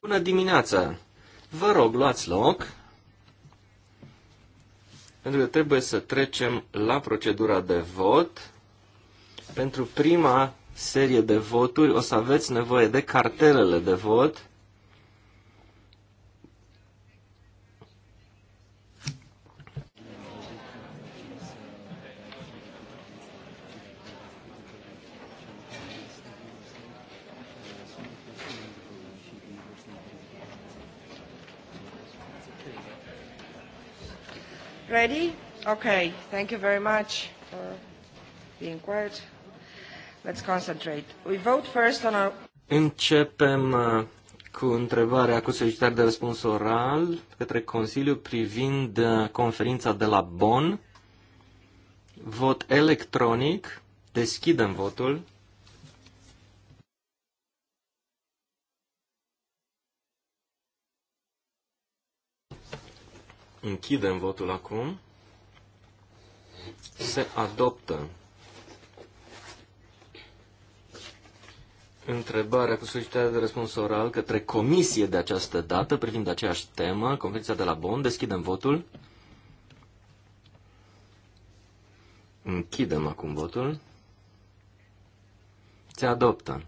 Bună dimineața! Vă rog, luați loc, pentru că trebuie să trecem la procedura de vot. Pentru prima serie de voturi o să aveți nevoie de cartelele de vot. Ready? Okay. Thank you very much for being quiet. Let's concentrate. We vote first on our... Începem uh, cu întrebarea cu solicitare de răspuns oral către Consiliu privind uh, conferința de la Bonn. Vot electronic. Deschidem votul. Închidem votul acum. Se adoptă întrebarea cu solicitarea de răspuns oral către comisie de această dată, privind aceeași temă, Convenția de la Bon, Deschidem votul. Închidem acum votul. Se adoptă.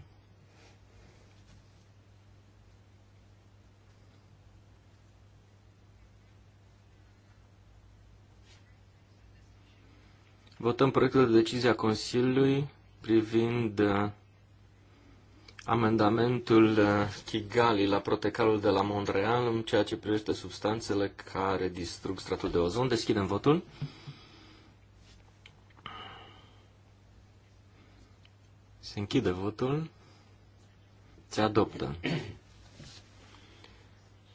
Votăm proiectul de decizie a Consiliului privind uh, amendamentul uh, Kigali la protocolul de la Montreal în ceea ce privește substanțele care distrug stratul de ozon. Deschidem votul. Se închide votul. Se adoptă.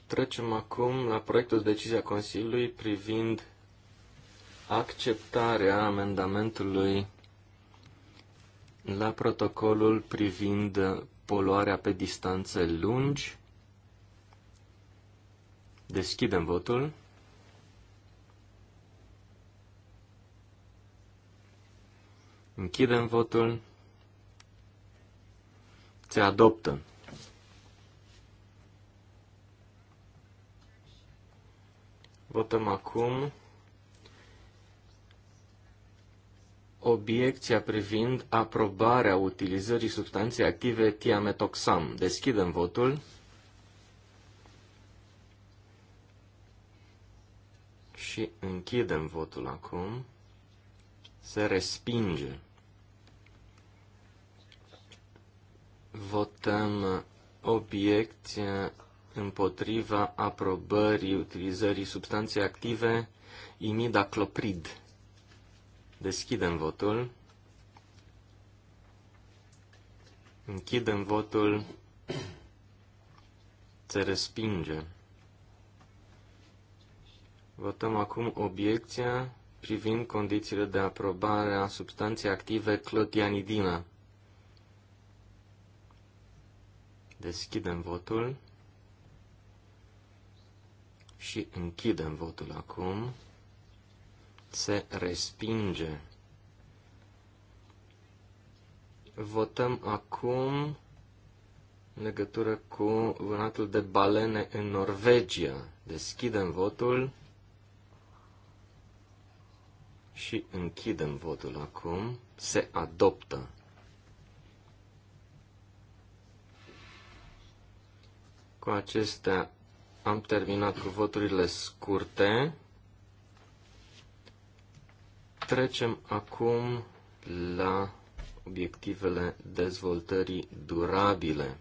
Trecem acum la proiectul de decizie a Consiliului privind acceptarea amendamentului la protocolul privind poluarea pe distanțe lungi. Deschidem votul. Închidem votul. Se adoptă. Votăm acum obiecția privind aprobarea utilizării substanței active tiametoxam. Deschidem votul. Și închidem votul acum. Se respinge. Votăm obiecția împotriva aprobării utilizării substanței active imidacloprid. Deschidem votul. Închidem votul. Se respinge. Votăm acum obiecția privind condițiile de aprobare a substanței active clotianidina. Deschidem votul și închidem votul acum se respinge. Votăm acum în legătură cu vânatul de balene în Norvegia. Deschidem votul și închidem votul acum. Se adoptă. Cu acestea am terminat cu voturile scurte. Trecem acum la obiectivele dezvoltării durabile.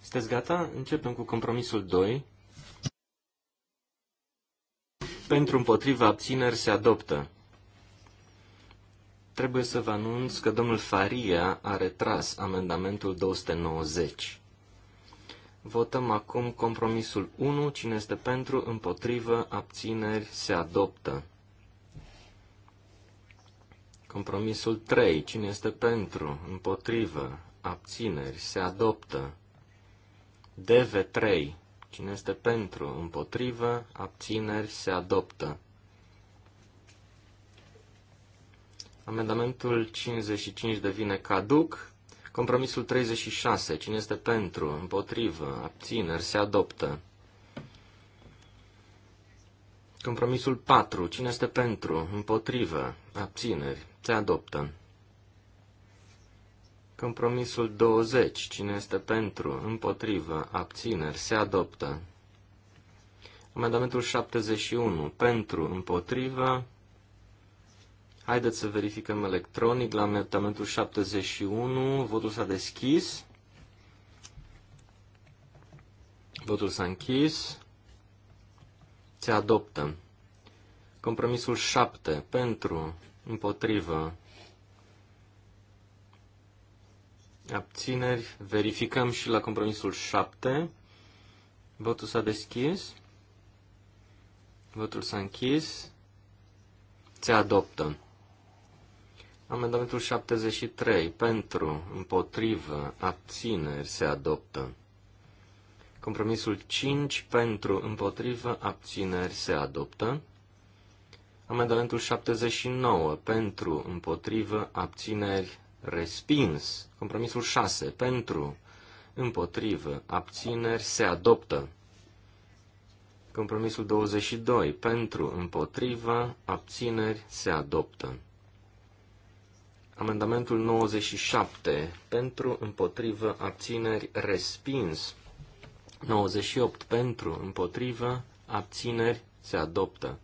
Sunteți gata? Începem cu compromisul 2. Pentru împotriva abțineri se adoptă. Trebuie să vă anunț că domnul Faria a retras amendamentul 290. Votăm acum compromisul 1. Cine este pentru, împotrivă, abțineri, se adoptă. Compromisul 3. Cine este pentru, împotrivă, abțineri, se adoptă. DV3. Cine este pentru, împotrivă, abțineri, se adoptă. Amendamentul 55 devine caduc. Compromisul 36. Cine este pentru, împotrivă, abțineri, se adoptă. Compromisul 4. Cine este pentru, împotrivă, abțineri, se adoptă. Compromisul 20. Cine este pentru, împotrivă, abțineri, se adoptă. Amendamentul 71. Pentru, împotrivă, Haideți să verificăm electronic la amendamentul 71. Votul s-a deschis. Votul s-a închis. Se adoptă. Compromisul 7. Pentru. Împotrivă. Abțineri. Verificăm și la compromisul 7. Votul s-a deschis. Votul s-a închis. Se adoptă. Amendamentul 73. Pentru, împotrivă, abțineri se adoptă. Compromisul 5. Pentru, împotrivă, abțineri se adoptă. Amendamentul 79. Pentru, împotrivă, abțineri respins. Compromisul 6. Pentru, împotrivă, abțineri se adoptă. Compromisul 22. Pentru, împotrivă, abțineri se adoptă. Amendamentul 97 pentru, împotrivă, abțineri, respins. 98 pentru, împotrivă, abțineri, se adoptă.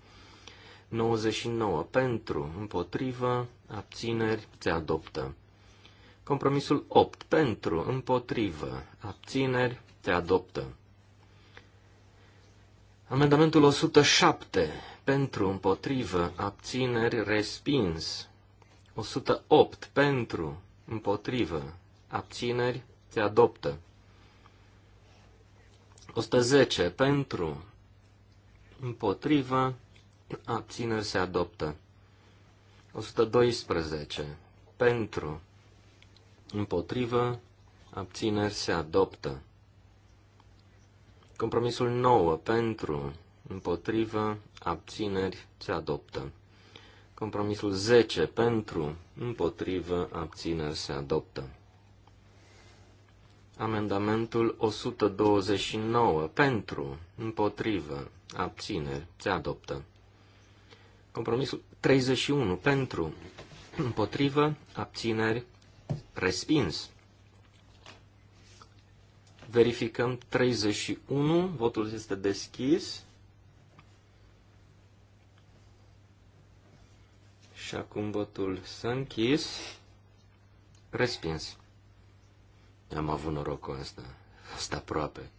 99 pentru, împotrivă, abțineri, se adoptă. Compromisul 8 pentru, împotrivă, abțineri, se adoptă. Amendamentul 107 pentru, împotrivă, abțineri, respins. 108 pentru, împotrivă, abțineri, se adoptă. 110 pentru, împotrivă, abțineri, se adoptă. 112 pentru, împotrivă, abțineri, se adoptă. Compromisul 9 pentru, împotrivă, abțineri, se adoptă. Compromisul 10 pentru, împotrivă, abțineri se adoptă. Amendamentul 129 pentru, împotrivă, abțineri se adoptă. Compromisul 31 pentru, împotrivă, abțineri, respins. Verificăm 31, votul este deschis. Și acum votul s-a închis. Respins. Am avut norocul ăsta. Asta aproape.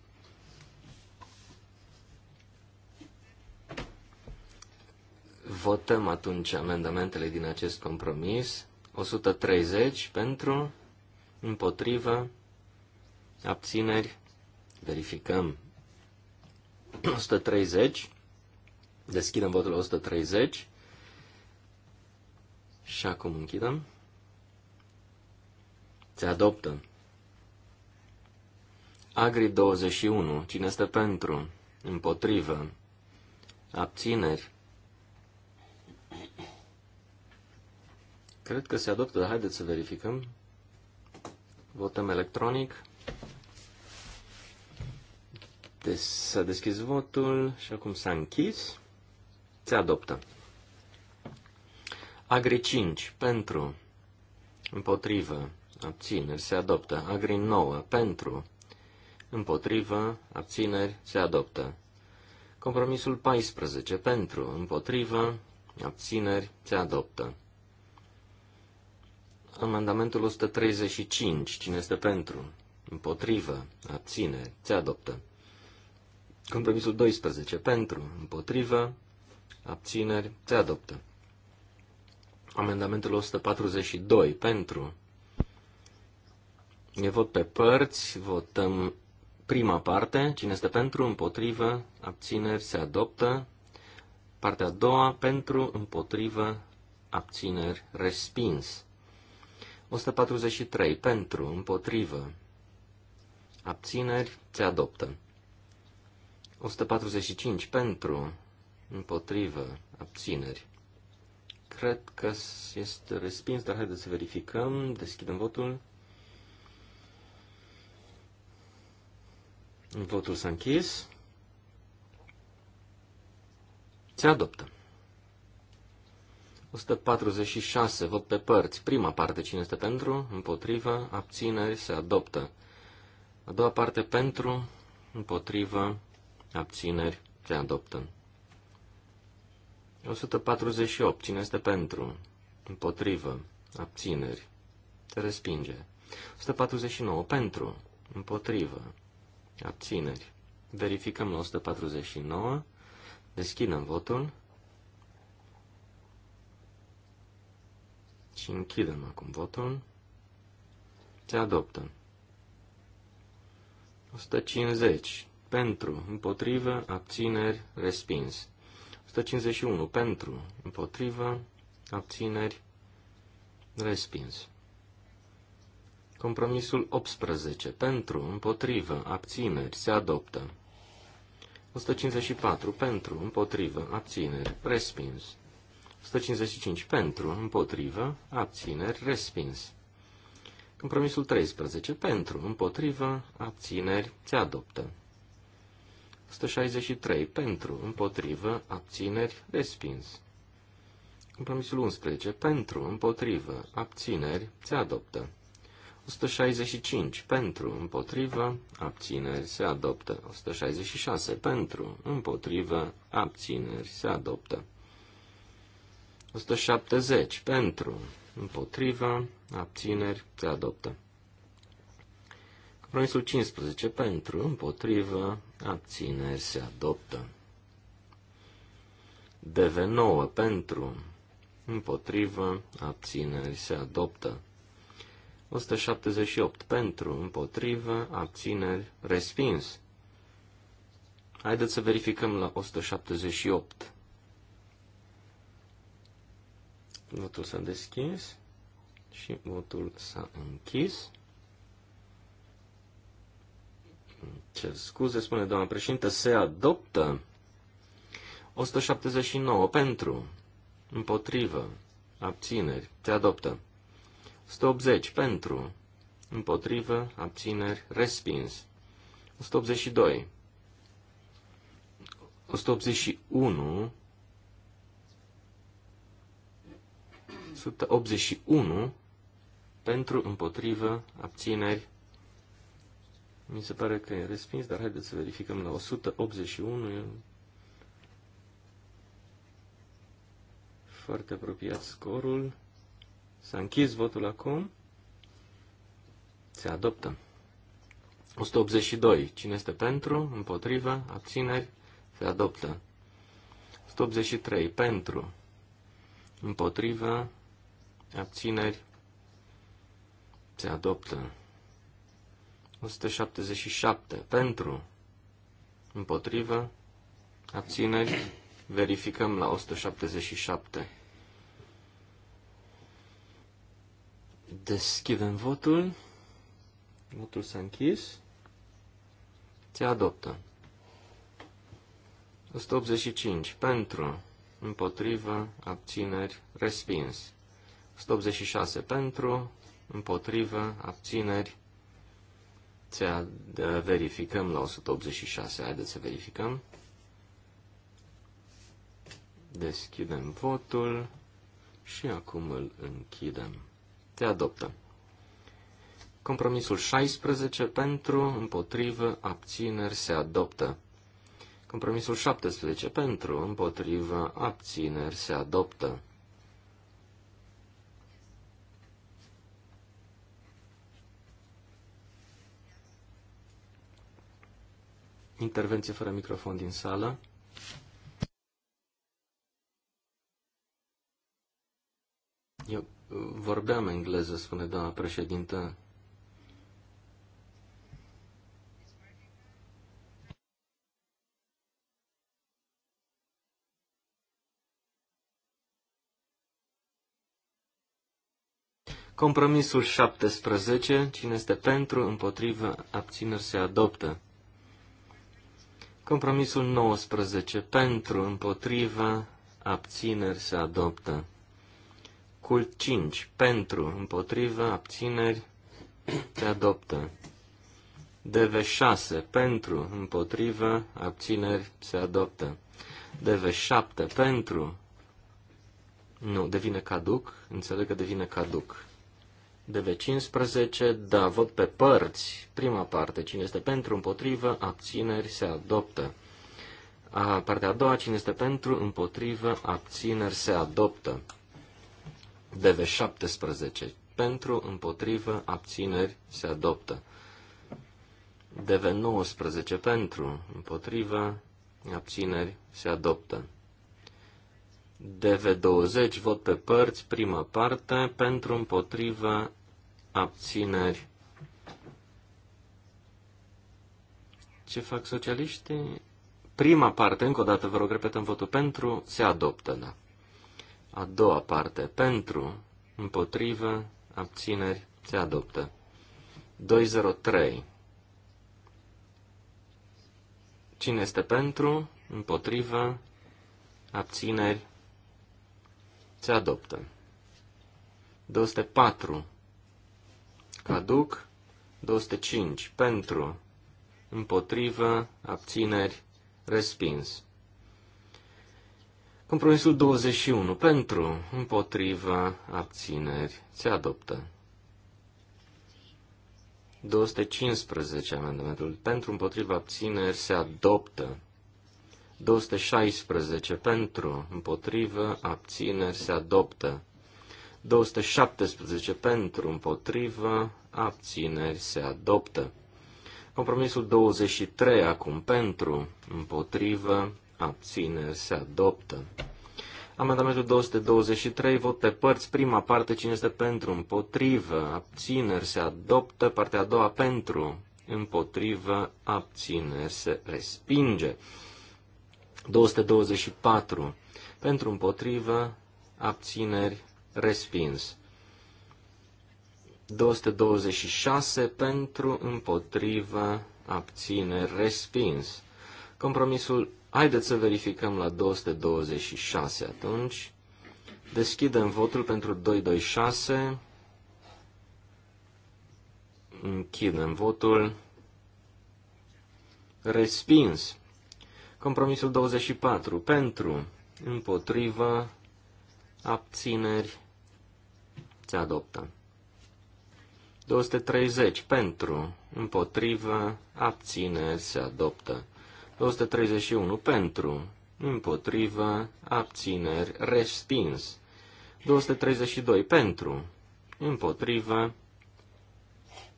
Votăm atunci amendamentele din acest compromis. 130 pentru, împotrivă, abțineri, verificăm. 130, deschidem votul 130, și acum închidem. Se adoptă. Agri 21. Cine este pentru? Împotrivă. Abțineri. Cred că se adoptă, dar haideți să verificăm. Votăm electronic. S-a deschis votul și acum s-a închis. Se adoptă. Agri 5 pentru, împotrivă, abțineri se adoptă. Agri 9 pentru, împotrivă, abțineri se adoptă. Compromisul 14 pentru, împotrivă, abțineri se adoptă. Amendamentul 135, cine este pentru, împotrivă, abțineri se adoptă. Compromisul 12 pentru, împotrivă, abțineri se adoptă amendamentul 142 pentru. E vot pe părți, votăm prima parte, cine este pentru, împotrivă, abțineri, se adoptă. Partea a doua, pentru, împotrivă, abțineri, respins. 143, pentru, împotrivă, abțineri, se adoptă. 145, pentru, împotrivă, abțineri, Cred că este respins, dar haideți să verificăm. Deschidem votul. Votul s-a închis. Se adoptă. 146. Vot pe părți. Prima parte. Cine este pentru? Împotrivă. Abțineri. Se adoptă. A doua parte. Pentru. Împotrivă. Abțineri. Se adoptă. 148. Cine este pentru? Împotrivă. Abțineri. Se respinge. 149. Pentru. Împotrivă. Abțineri. Verificăm la 149. Deschidem votul. Și închidem acum votul. Se adoptă. 150. Pentru, împotrivă, abțineri, respins. 151 pentru, împotrivă, abțineri, respins. Compromisul 18 pentru, împotrivă, abțineri, se adoptă. 154 pentru, împotrivă, abțineri, respins. 155 pentru, împotrivă, abțineri, respins. Compromisul 13 pentru, împotrivă, abțineri, se adoptă. 163 pentru, împotrivă, abțineri, respins. Compromisul 11 pentru, împotrivă, abțineri, se adoptă. 165 pentru, împotrivă, abțineri, se adoptă. 166 pentru, împotrivă, abțineri, se adoptă. 170 pentru, împotrivă, abțineri, se adoptă. Compromisul 15 pentru, împotrivă, abțineri se adoptă. DV9 pentru, împotrivă, abțineri se adoptă. 178 pentru, împotrivă, abțineri, respins. Haideți să verificăm la 178. Votul s-a deschis și votul s-a închis cer scuze, spune doamna președinte, se adoptă 179 pentru, împotrivă, abțineri, se adoptă. 180 pentru, împotrivă, abțineri, respins. 182. 181. 181 pentru, împotrivă, abțineri, mi se pare că e respins, dar haideți să verificăm la 181. E foarte apropiat scorul. S-a închis votul acum. Se adoptă. 182. Cine este pentru? Împotriva? Abțineri? Se adoptă. 183. Pentru? Împotriva? Abțineri? Se adoptă. 177 pentru, împotrivă, abțineri, verificăm la 177. Deschidem votul. Votul s-a închis. Se adoptă. 185 pentru, împotrivă, abțineri, respins. 186 pentru, împotrivă, abțineri, să verificăm la 186. Haideți să verificăm. Deschidem votul și acum îl închidem. Te adoptă. Compromisul 16 pentru, împotrivă, abțineri se adoptă. Compromisul 17 pentru, împotrivă, abțineri se adoptă. Intervenție fără microfon din sală. Eu uh, vorbeam engleză, spune doamna președintă. Compromisul 17. Cine este pentru, împotrivă, abțineri se adoptă. Compromisul 19. Pentru, împotriva, abțineri se adoptă. Cult 5. Pentru, împotriva, abțineri se adoptă. DV6. Pentru, împotriva, abțineri se adoptă. DV7. Pentru, nu, devine caduc, înțeleg că devine caduc de DV15, da, vot pe părți. Prima parte, cine este pentru, împotrivă, abțineri, se adoptă. A, partea a doua, cine este pentru, împotrivă, abțineri, se adoptă. DV17, pentru, împotrivă, abțineri, se adoptă. DV19, pentru, împotrivă, abțineri, se adoptă. DV20, vot pe părți, prima parte, pentru, împotrivă, abțineri. Ce fac socialiștii? Prima parte, încă o dată vă rog, repetăm votul pentru, se adoptă, da. A doua parte, pentru, împotrivă, abțineri, se adoptă. 203. Cine este pentru, împotrivă, abțineri, se adoptă. 204 aduc 205 pentru, împotrivă, abțineri, respins. Compromisul 21 pentru, împotrivă, abțineri, se adoptă. 215 amendamentul pentru, împotrivă, abțineri, se adoptă. 216 pentru, împotrivă, abțineri, se adoptă. 217 pentru, împotrivă, abțineri se adoptă. Compromisul 23 acum pentru, împotrivă, abțineri se adoptă. Amendamentul 223, vot pe părți, prima parte, cine este pentru, împotrivă, abțineri se adoptă, partea a doua pentru, împotrivă, abțineri se respinge. 224, pentru împotrivă, abțineri respins. 226 pentru, împotrivă, abține, respins. Compromisul, haideți să verificăm la 226 atunci. Deschidem votul pentru 226. Închidem votul. Respins. Compromisul 24. Pentru, împotrivă, abțineri, se adoptă. 230 pentru, împotrivă, abține, se adoptă. 231 pentru, împotrivă, abțineri, respins. 232 pentru, împotrivă,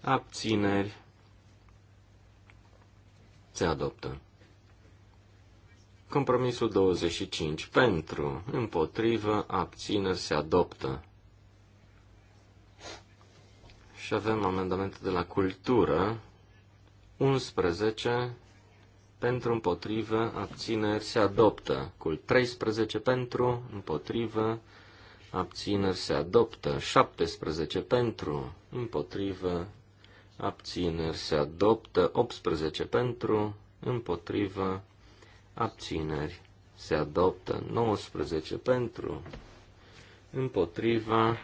abțineri, se adoptă. Compromisul 25 pentru, împotrivă, abțineri, se adoptă. Și avem amendamente de la cultură, 11 pentru, împotrivă, abțineri, se adoptă. Cu 13 pentru, împotrivă, abțineri, se adoptă. 17 pentru, împotrivă, abțineri, se adoptă. 18 pentru, împotrivă, abțineri, se adoptă. 19 pentru, împotriva,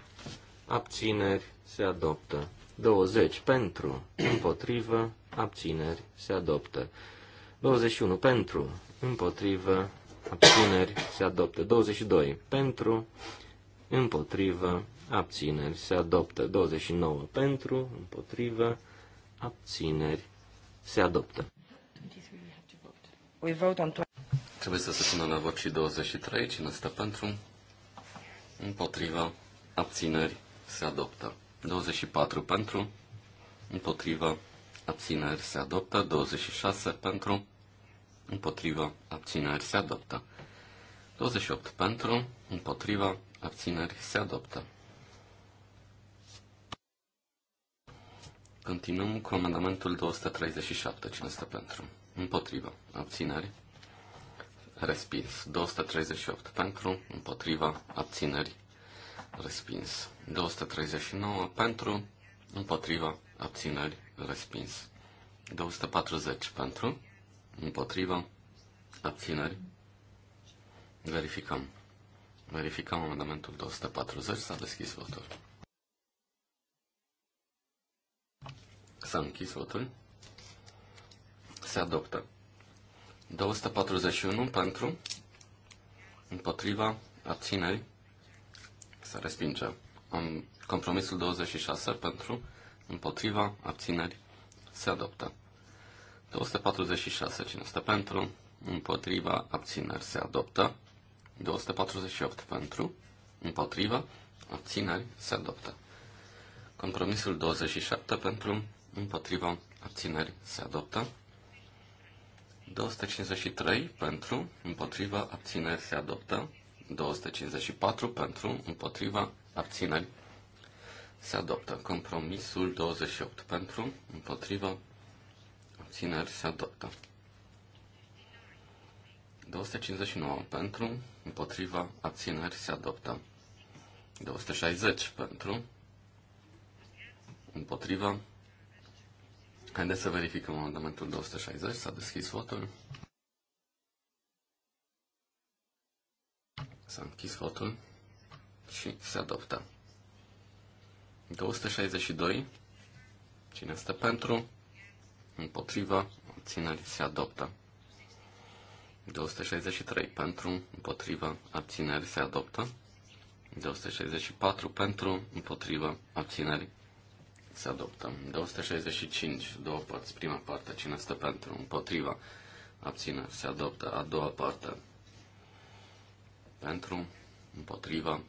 abțineri, se adoptă. 20 pentru, împotrivă, abțineri, se adoptă. 21 pentru, împotrivă, abțineri, se adoptă. 22 pentru, împotrivă, abțineri, se adoptă. 29 pentru, împotrivă, abțineri, se adoptă. We vote on Trebuie să se pună la vot și 23. Cine stă pentru? Împotriva. Abțineri. Se adoptă. 24 pentru, împotrivă, abțineri se adoptă, 26 pentru, împotrivă, abțineri se adoptă, 28 pentru, împotrivă, abțineri se adoptă. Continuăm cu amendamentul 237, cine este pentru, împotrivă, abțineri, respins, 238 pentru, împotriva, abțineri, respins. 239 pentru, împotriva, abțineri, respins. 240 pentru, împotriva, abțineri. Verificăm. Verificăm amendamentul 240, s-a deschis votul. S-a închis votul. Se adoptă. 241 pentru, împotriva, abțineri, se respinge. În compromisul 26 pentru, împotriva, abțineri, se adoptă. 246, cine este pentru, împotriva, abțineri, se adoptă. 248 pentru, împotriva, abțineri, se adoptă. Compromisul 27 pentru, împotriva, abțineri, se adoptă. 253 pentru, împotriva, abțineri, se adoptă. 254 pentru, împotriva, abțineri, se adoptă. Compromisul 28 pentru, împotriva, abțineri, se adoptă. 259 pentru, împotriva, abțineri, se adoptă. 260 pentru, împotriva. Haideți să verificăm amendamentul 260, s-a deschis votul. S-a închis votul și se adoptă. 262. Cine este pentru? Împotriva. Abțineri se adoptă. 263 pentru, împotriva, abțineri se adoptă. 264 pentru, împotriva, abțineri se adoptă. 265, două părți, prima parte, cine este pentru, împotriva, abțineri se adoptă. A doua parte, pentru, împotriva,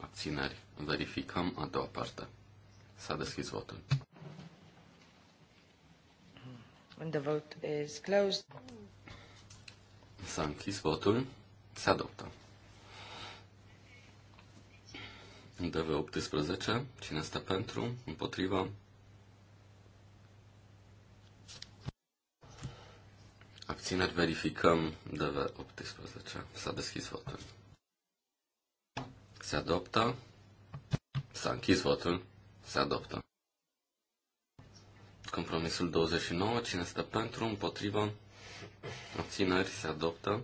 abțineri. Verificăm a doua parte. S-a deschis votul. And the vote is closed. S-a închis votul. Se adoptă. DV18. Cine este pentru? Împotriva? Abțineri verificăm DV18. S-a deschis votul. Se adoptă. S-a închis votul. Se adoptă. Compromisul 29. Cine stă pentru, Împotrivă. abțineri, se adoptă.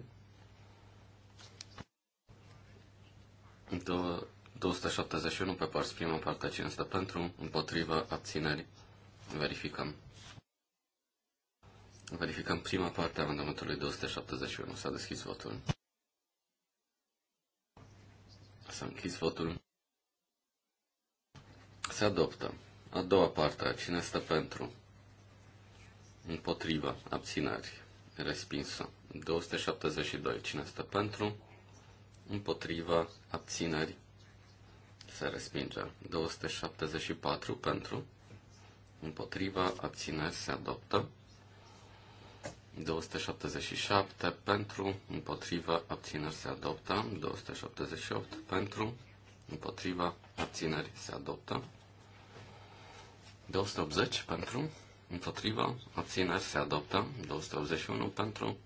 271 pe parți prima parte, cine stă pentru, Împotrivă. abțineri, verificăm. Verificăm prima parte a amendamentului 271. S-a deschis votul. S-a închis votul. Se adoptă. A doua parte. Cine este pentru? Împotriva. Abțineri. Respinsă. 272. Cine este pentru? Împotriva. Abțineri. Se respinge. 274 pentru. Împotriva. Abțineri. Se adoptă. 277 pentru, împotriva, abțineri se adoptă. 278 pentru, împotriva, abțineri se adoptă. 280 pentru, împotriva, abțineri se adoptă. 281 pentru,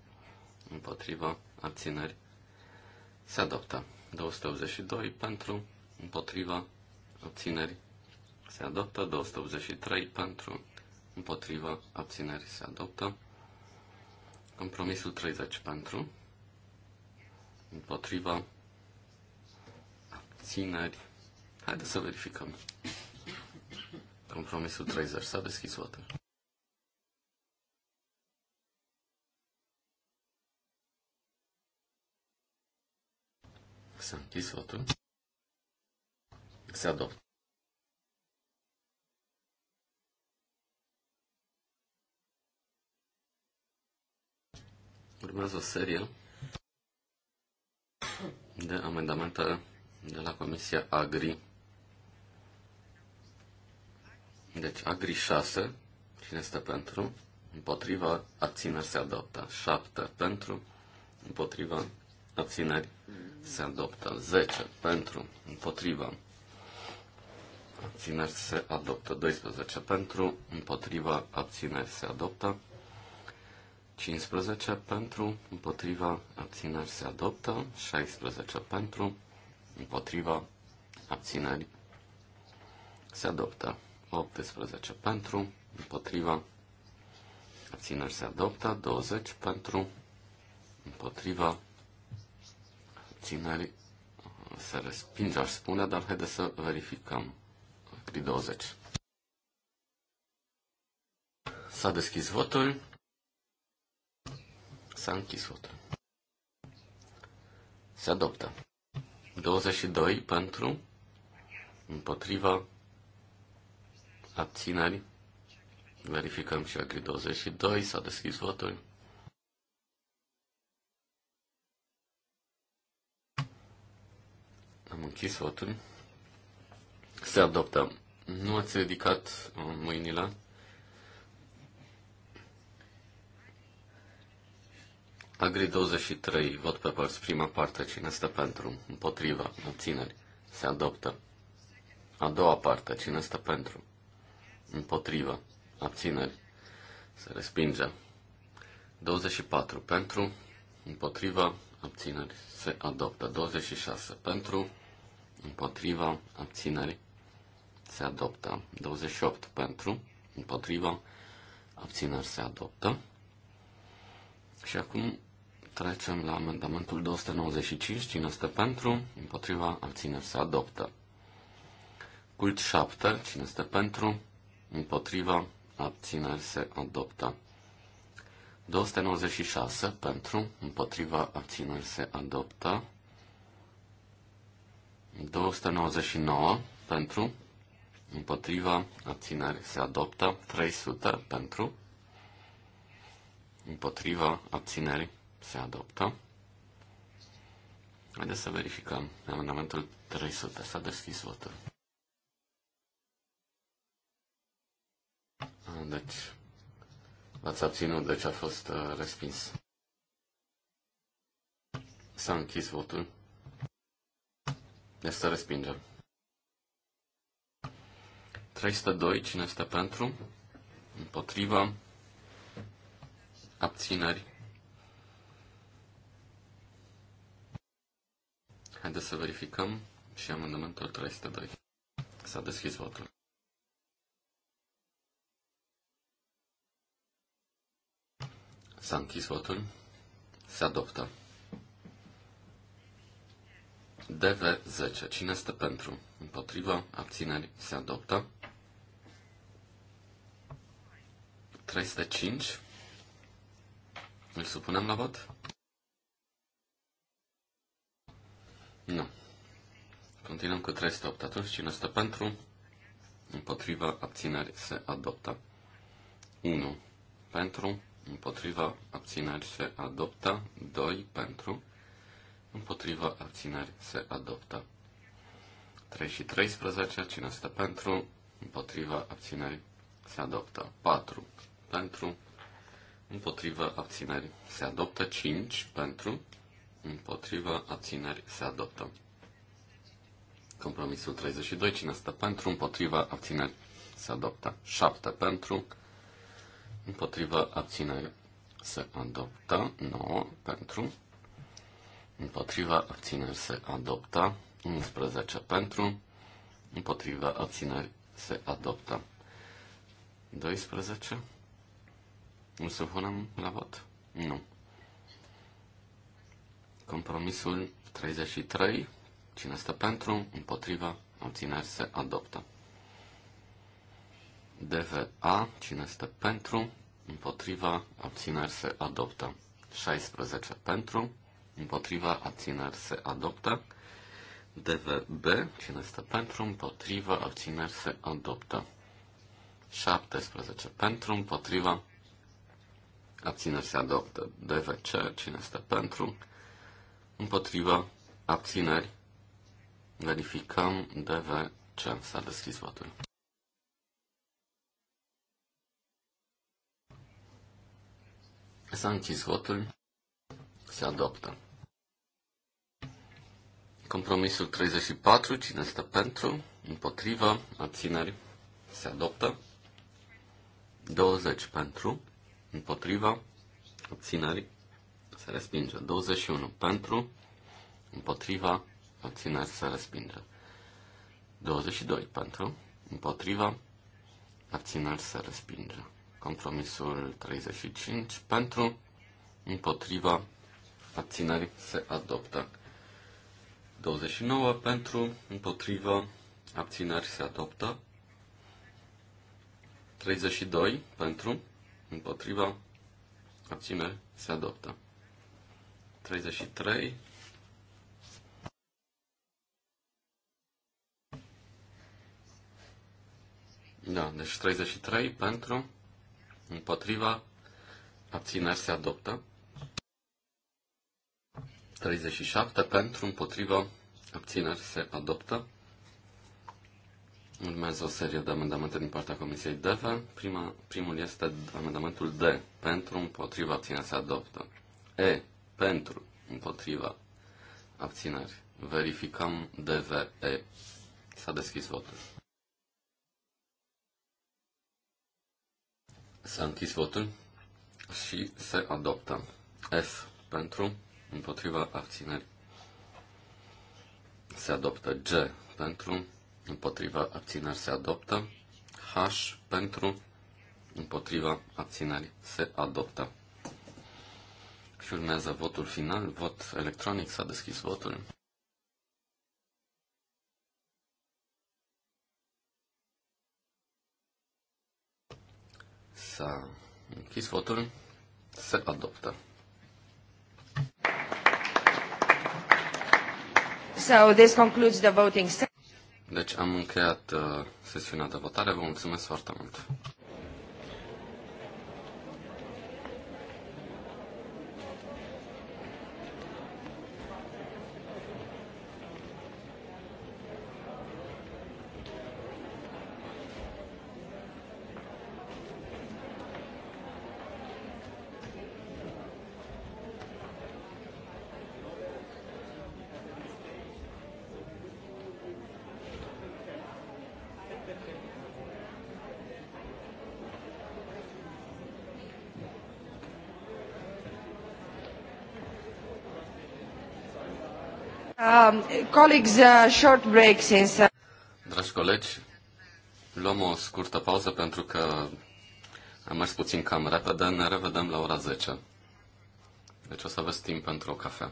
împotriva, abțineri se adoptă. 282 pentru, împotriva, abțineri se adoptă. 283 pentru, împotriva, abțineri se adoptă. Compromisul 30 pentru, împotriva, abțineri. Haideți să verificăm. Compromisul 30 s-a deschis votul. S-a închis votul. Se adoptă. Urmează o serie de amendamente de la Comisia Agri. Deci, Agri 6, cine este pentru? Împotriva, abțineri se adoptă. 7 pentru, împotriva, abțineri se adoptă. 10 pentru, împotriva, abțineri se adoptă. 12 pentru, împotriva, abțineri se adoptă. 15 pentru, împotriva, abțineri se adoptă, 16 pentru, împotriva, abțineri se adoptă, 18 pentru, împotriva, abțineri se adoptă, 20 pentru, împotriva, abțineri se respinge, aș spune, dar haideți să verificăm. 20. S-a deschis votul. S-a închis votul. Se adoptă. 22 pentru, împotriva, abțineri. Verificăm și agri 22, s-a deschis votul. Am închis votul. Se adoptă. Nu ați ridicat uh, mâinile. Agri 23, vot pe părți, prima parte, cine stă pentru, împotriva, abțineri, se adoptă. A doua parte, cine stă pentru, împotriva, abțineri, se respinge. 24, pentru, împotriva, abțineri, se adoptă. 26, pentru, împotriva, abțineri, se adoptă. 28, pentru, împotriva, abțineri, se adoptă. Și acum Trecem la amendamentul 295. Cine este pentru? Împotriva. Abțineri se adoptă. Cult 7. Cine este pentru? Împotriva. Abțineri se adoptă. 296 pentru, împotriva abțineri se adoptă. 299 pentru, împotriva abțineri se adoptă. 300 pentru, împotriva abțineri se adoptă. Haideți să verificăm. Amendamentul 300. S-a deschis votul. Deci, v-ați abținut, deci a fost uh, respins. S-a închis votul. Deci să respingem. 302. Cine este pentru? Împotriva? Abțineri? Haideți să verificăm și amendamentul 302. S-a deschis votul. S-a închis votul. Se adoptă. DV10. Cine este pentru? Împotrivă? Abțineri? Se adoptă. 305. Îl supunem la vot? Nu. Continuăm cu 308. Atunci cine stă pentru? Împotriva abțineri se adoptă. 1. Pentru. Împotriva abțineri se adoptă. 2. Pentru. Împotriva abțineri se adoptă. 3 și 13. Cine stă pentru? Împotriva abțineri se adoptă. 4. Pentru. Împotriva abțineri se adoptă. 5. Pentru. Împotrivă, abțineri, se adoptă. Compromisul 32, cine stă pentru, împotrivă, abțineri, se adoptă. 7 pentru, împotrivă, abțineri, se adoptă. 9 pentru, împotrivă, abțineri, se adoptă. 11 pentru, împotrivă, abțineri, se adoptă. 12. Nu se punem la vot? Nu. Compromisul 33. Cine este pentru, împotriva, abțineri se adoptă. DVA. Cine este pentru, împotriva, abțineri se adoptă. 16 pentru, împotriva, abțineri se adoptă. DVB. Cine este pentru, împotriva, abțineri se adoptă. 17 pentru, împotriva, abțineri se adoptă. DVC. Cine este pentru, împotriva, abținerii. verificăm DV ce s-a deschis votul. S-a închis votul, se adoptă. Compromisul 34, cine este pentru, împotriva, abțineri, se adoptă. 20 pentru, împotriva, abțineri, se respinge. 21 pentru, împotriva, abțineri, se respinge. 22 pentru, împotriva, abțineri, se respinge. Compromisul 35 pentru, împotriva, abțineri, se adoptă. 29 pentru, împotriva, abțineri, se adoptă. 32 pentru, împotriva, abțineri, se adoptă. 33. Da, deci 33 pentru, împotriva, abțineri se adoptă. 37 pentru, împotriva, abțineri se adoptă. Urmează o serie de amendamente din partea Comisiei DEVE. Prima, primul este amendamentul D. Pentru, împotriva, abțineri se adoptă. E pentru, împotriva, abțineri. Verificăm DVE. S-a deschis votul. S-a închis votul și se adoptă. F pentru, împotriva abțineri. Se adoptă G pentru, împotriva abțineri se adoptă. H pentru, împotriva abținerii se adoptă. Și urmează votul final, vot electronic, s-a deschis votul. S-a închis votul, se adoptă. So this concludes the voting. Deci am încheiat uh, sesiunea de votare. Vă mulțumesc foarte mult. colleagues, uh, short break since... Uh, Dragi colegi, luăm o scurtă pauză pentru că am mers puțin cam repede, ne revedem la ora 10. Deci o să aveți timp pentru o cafea.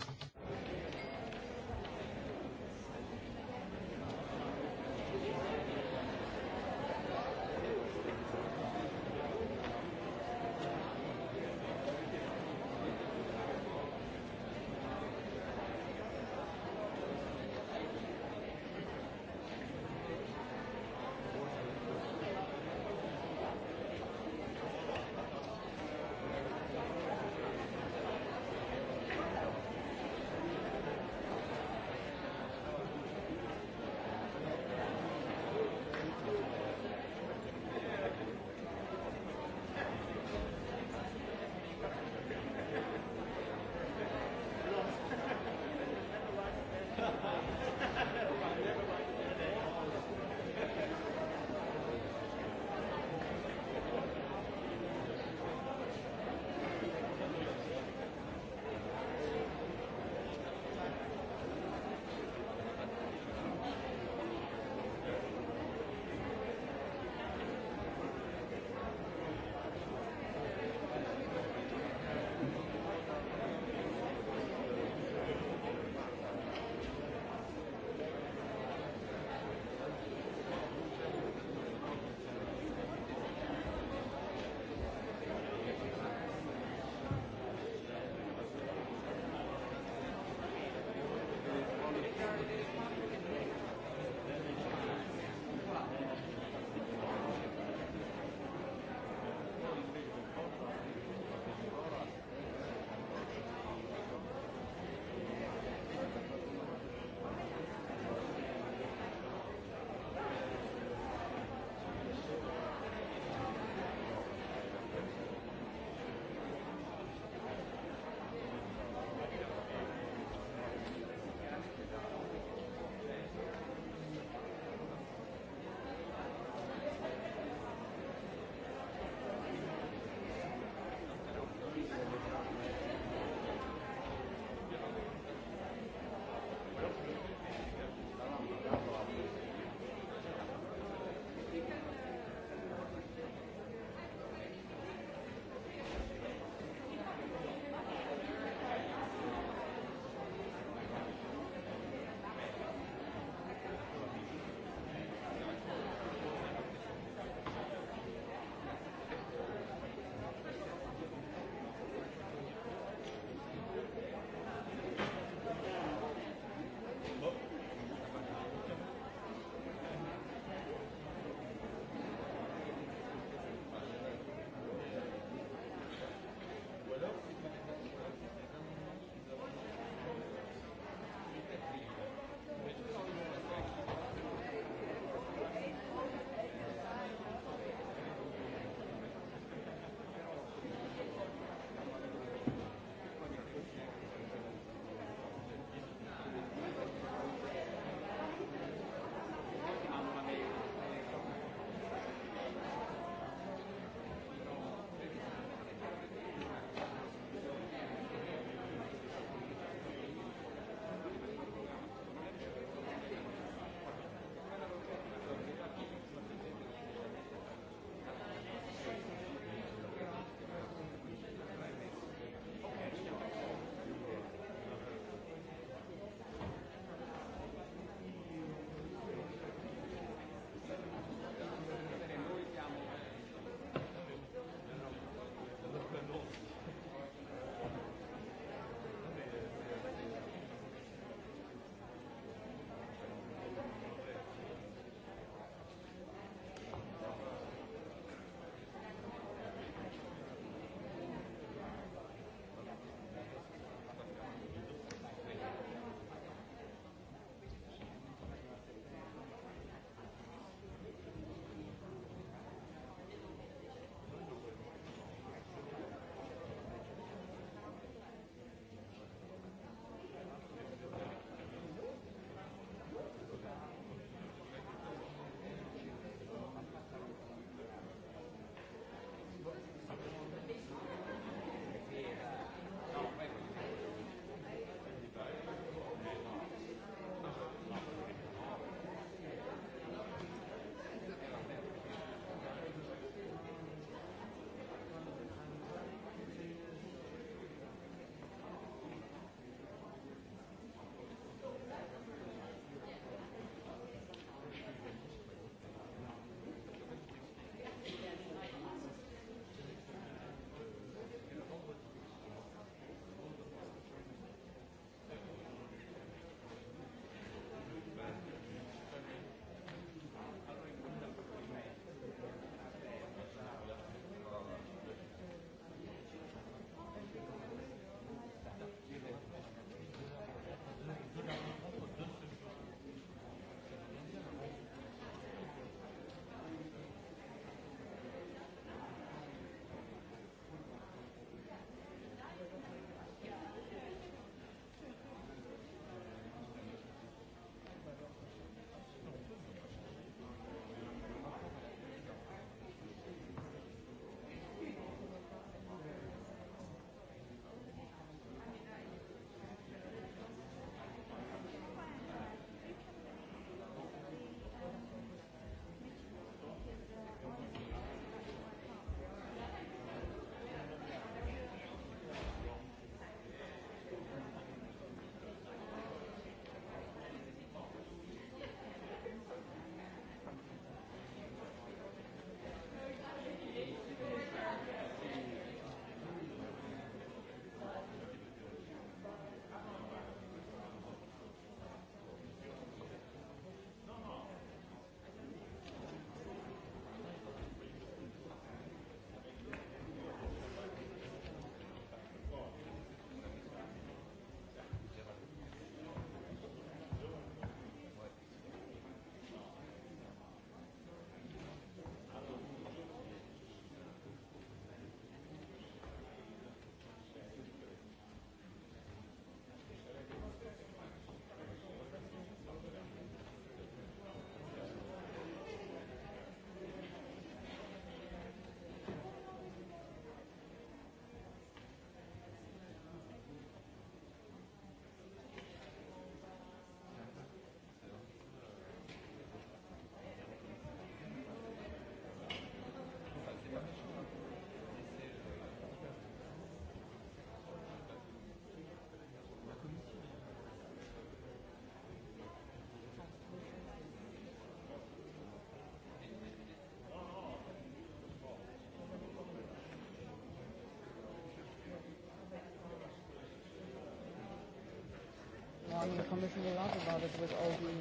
think the Commission will laugh about it with all the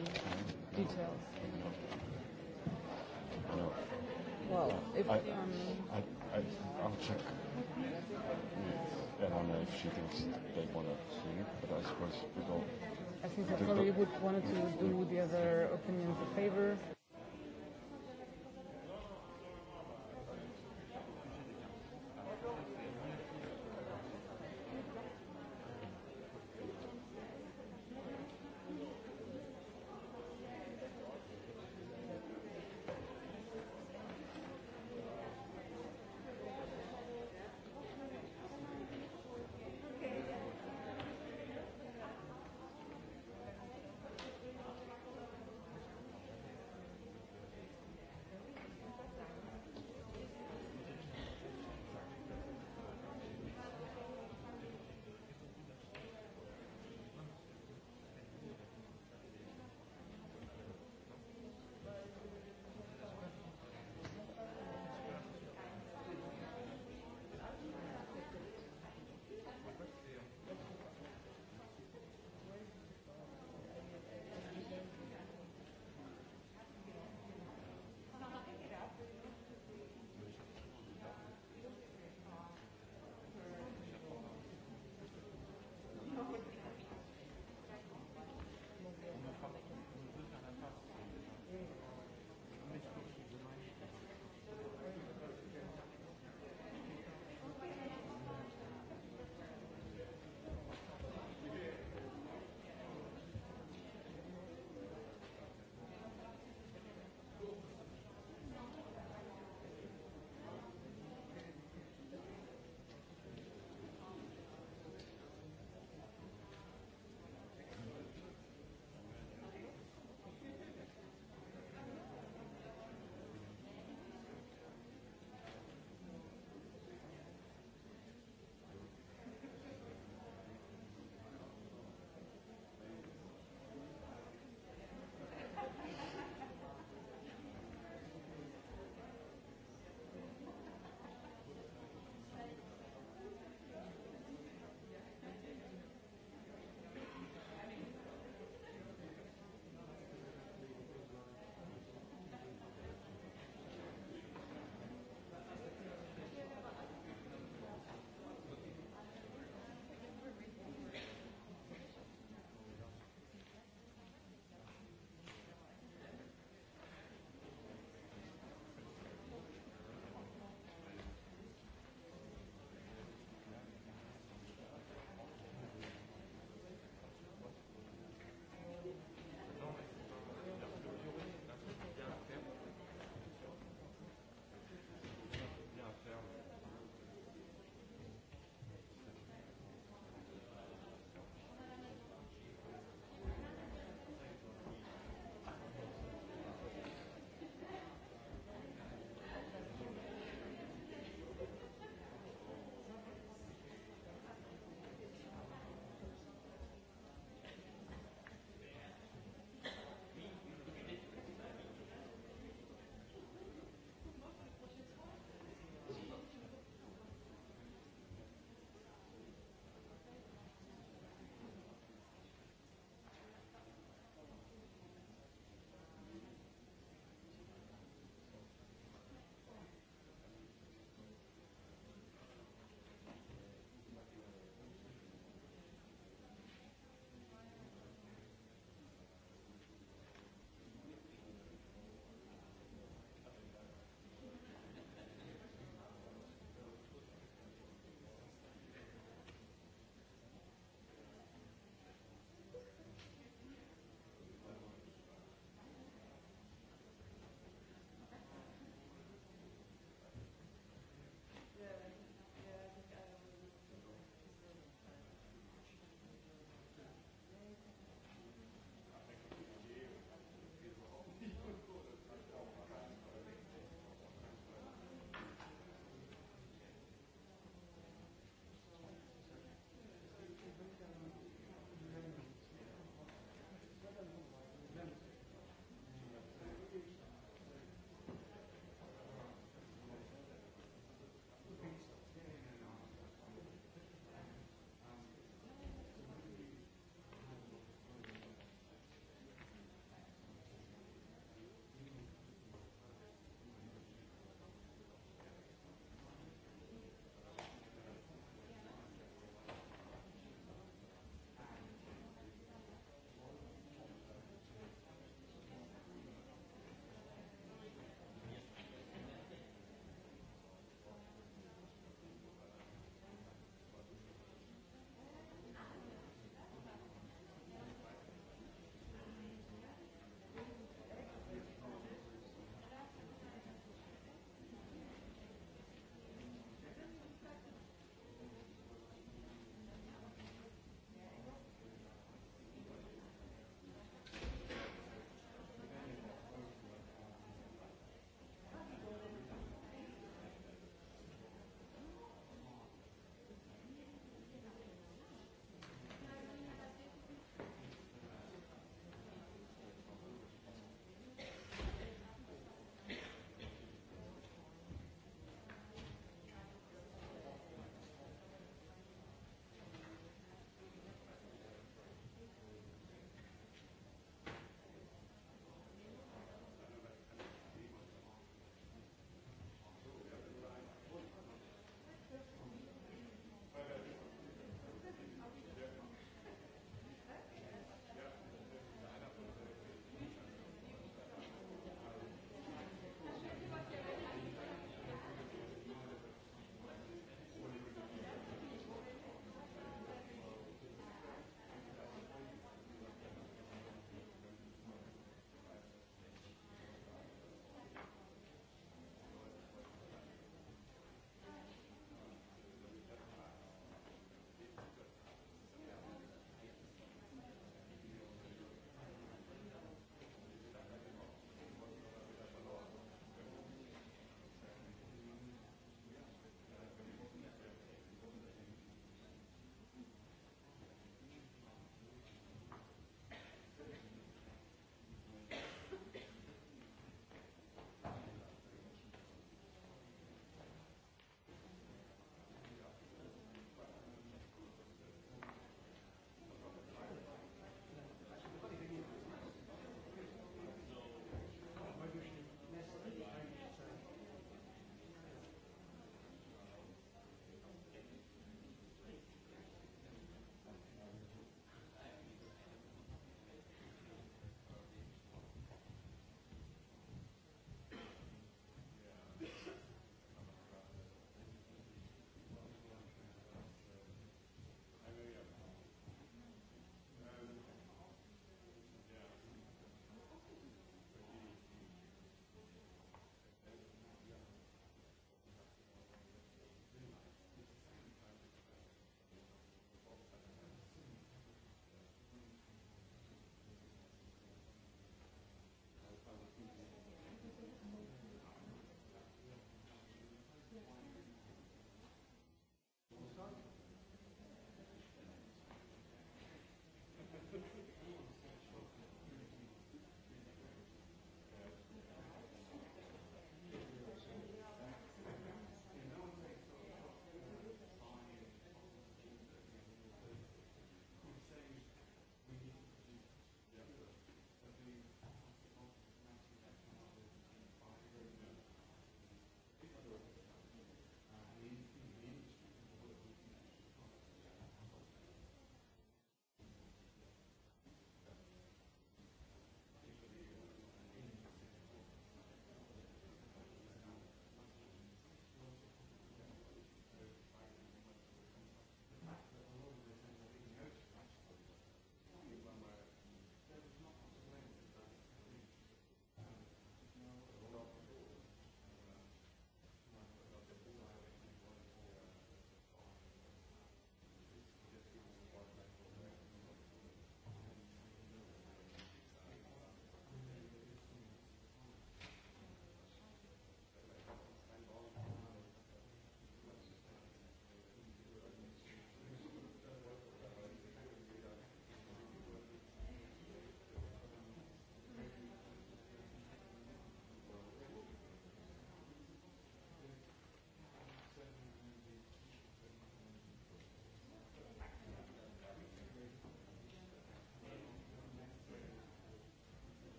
details. No. Well, if I, um, I, I, I'll check. I don't know if she thinks they want to see it, but I suppose we don't. I think they probably would want to do the other opinions a favor.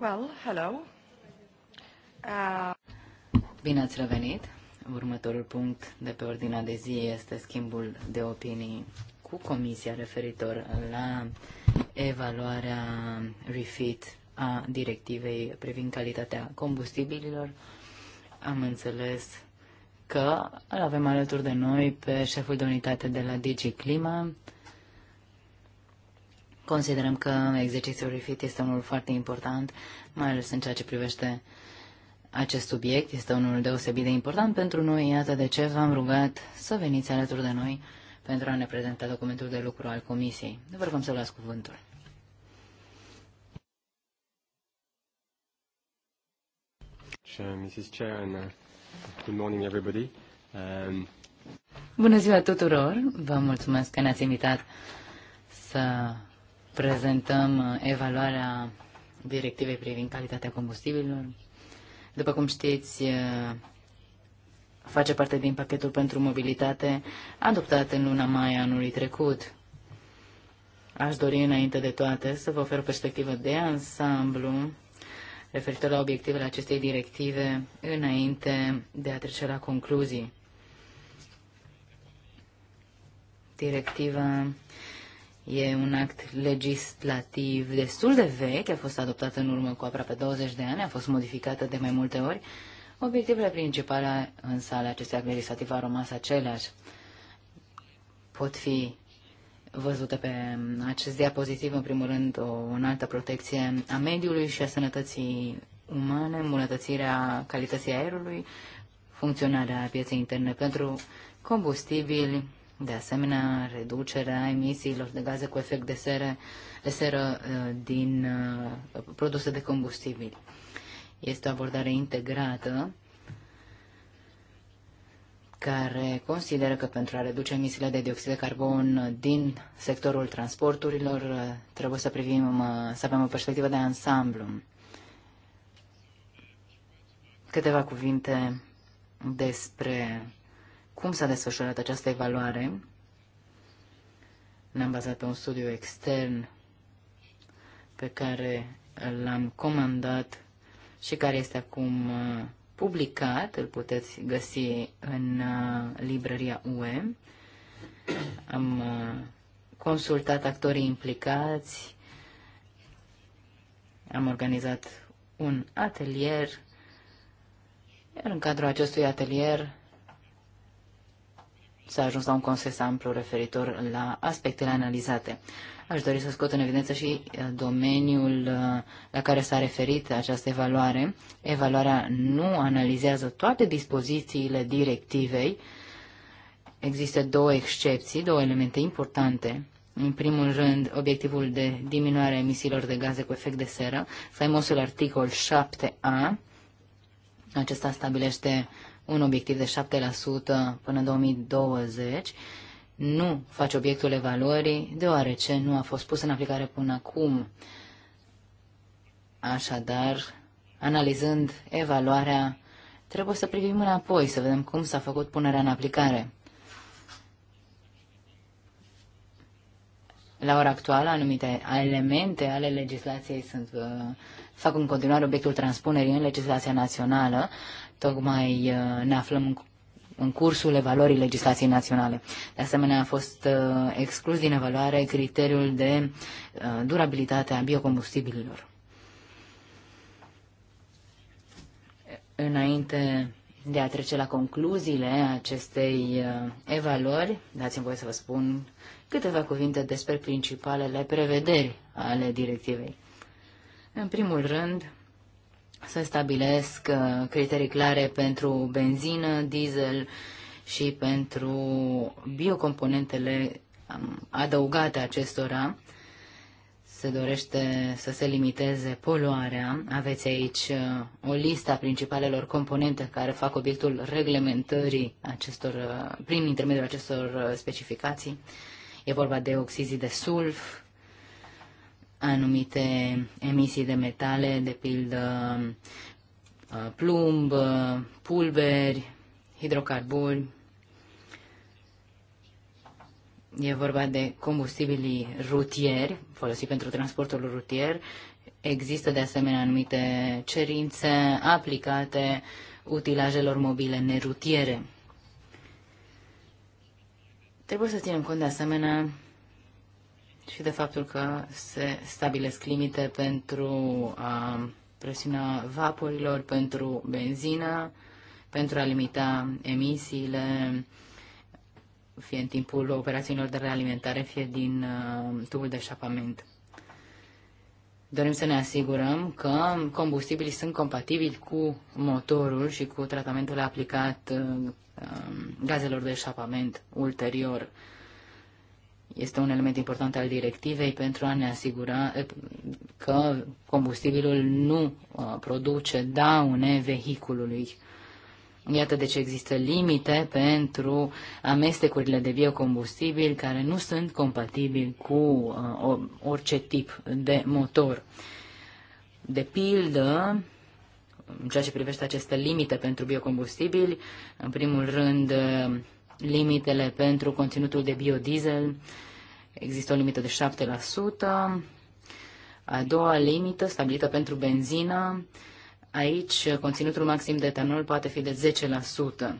Well, hello. Uh... Bine ați revenit. Următorul punct de pe ordinea de zi este schimbul de opinii cu Comisia referitor la evaluarea refit a directivei privind calitatea combustibililor. Am înțeles că îl avem alături de noi pe șeful de unitate de la DG Clima, Considerăm că exercițiul refit este unul foarte important, mai ales în ceea ce privește acest subiect. Este unul deosebit de important pentru noi, iată de ce v-am rugat să veniți alături de noi pentru a ne prezenta documentul de lucru al Comisiei. Vă rugăm să luați cuvântul. Mrs. Chair, and uh, good morning everybody. Um... Bună ziua tuturor! Vă mulțumesc că ne-ați invitat să prezentăm uh, evaluarea directivei privind calitatea combustibililor. După cum știți, uh, face parte din pachetul pentru mobilitate adoptat în luna mai anului trecut. Aș dori înainte de toate să vă ofer o perspectivă de ansamblu referitor la obiectivele acestei directive înainte de a trece la concluzii. Directiva E un act legislativ destul de vechi, a fost adoptat în urmă cu aproape 20 de ani, a fost modificată de mai multe ori. Obiectivele principale în sala acestui act legislativ au rămas aceleași. Pot fi văzute pe acest diapozitiv, în primul rând, o înaltă protecție a mediului și a sănătății umane, îmbunătățirea calității aerului, funcționarea pieței interne pentru combustibili, de asemenea, reducerea emisiilor de gaze cu efect de seră, de seră uh, din uh, produse de combustibili. Este o abordare integrată care consideră că pentru a reduce emisiile de dioxid de carbon din sectorul transporturilor uh, trebuie să privim, să avem o perspectivă de ansamblu. Câteva cuvinte despre cum s-a desfășurat această evaluare. Ne-am bazat pe un studiu extern pe care l-am comandat și care este acum uh, publicat, îl puteți găsi în uh, librăria UE. Am uh, consultat actorii implicați, am organizat un atelier, iar în cadrul acestui atelier s-a ajuns la un consens amplu referitor la aspectele analizate. Aș dori să scot în evidență și uh, domeniul uh, la care s-a referit această evaluare. Evaluarea nu analizează toate dispozițiile directivei. Există două excepții, două elemente importante. În primul rând, obiectivul de diminuare a emisiilor de gaze cu efect de seră, faimosul articol 7a. Acesta stabilește un obiectiv de 7% până în 2020 nu face obiectul evaluării, deoarece nu a fost pus în aplicare până acum. Așadar, analizând evaluarea, trebuie să privim înapoi, să vedem cum s-a făcut punerea în aplicare. La ora actuală, anumite elemente ale legislației sunt, uh, fac în continuare obiectul transpunerii în legislația națională, Tocmai uh, ne aflăm în cursul evaluării legislației naționale. De asemenea, a fost uh, exclus din evaluare criteriul de uh, durabilitate a biocombustibililor. Înainte de a trece la concluziile acestei evaluări, dați-mi voie să vă spun câteva cuvinte despre principalele prevederi ale directivei. În primul rând, se stabilesc uh, criterii clare pentru benzină, diesel și pentru biocomponentele um, adăugate acestora. Se dorește să se limiteze poluarea. Aveți aici uh, o listă a principalelor componente care fac obiectul reglementării acestor, uh, prin intermediul acestor specificații. E vorba de oxizii de sulf, anumite emisii de metale, de pildă uh, plumb, uh, pulberi, hidrocarburi. E vorba de combustibilii rutieri, folosiți pentru transportul rutier. Există de asemenea anumite cerințe aplicate utilajelor mobile nerutiere. Trebuie să ținem cont de asemenea și de faptul că se stabilesc limite pentru a presiunea vaporilor, pentru benzina, pentru a limita emisiile, fie în timpul operațiunilor de realimentare, fie din uh, tubul de șapament. Dorim să ne asigurăm că combustibilii sunt compatibili cu motorul și cu tratamentul aplicat uh, gazelor de șapament ulterior. Uh, este un element important al directivei pentru a ne asigura eh, că combustibilul nu uh, produce daune vehiculului. Iată de ce există limite pentru amestecurile de biocombustibil care nu sunt compatibili cu uh, orice tip de motor. De pildă, în ceea ce privește aceste limite pentru biocombustibili, în primul rând uh, limitele pentru conținutul de biodiesel. Există o limită de 7%. A doua limită stabilită pentru benzină. Aici conținutul maxim de etanol poate fi de 10%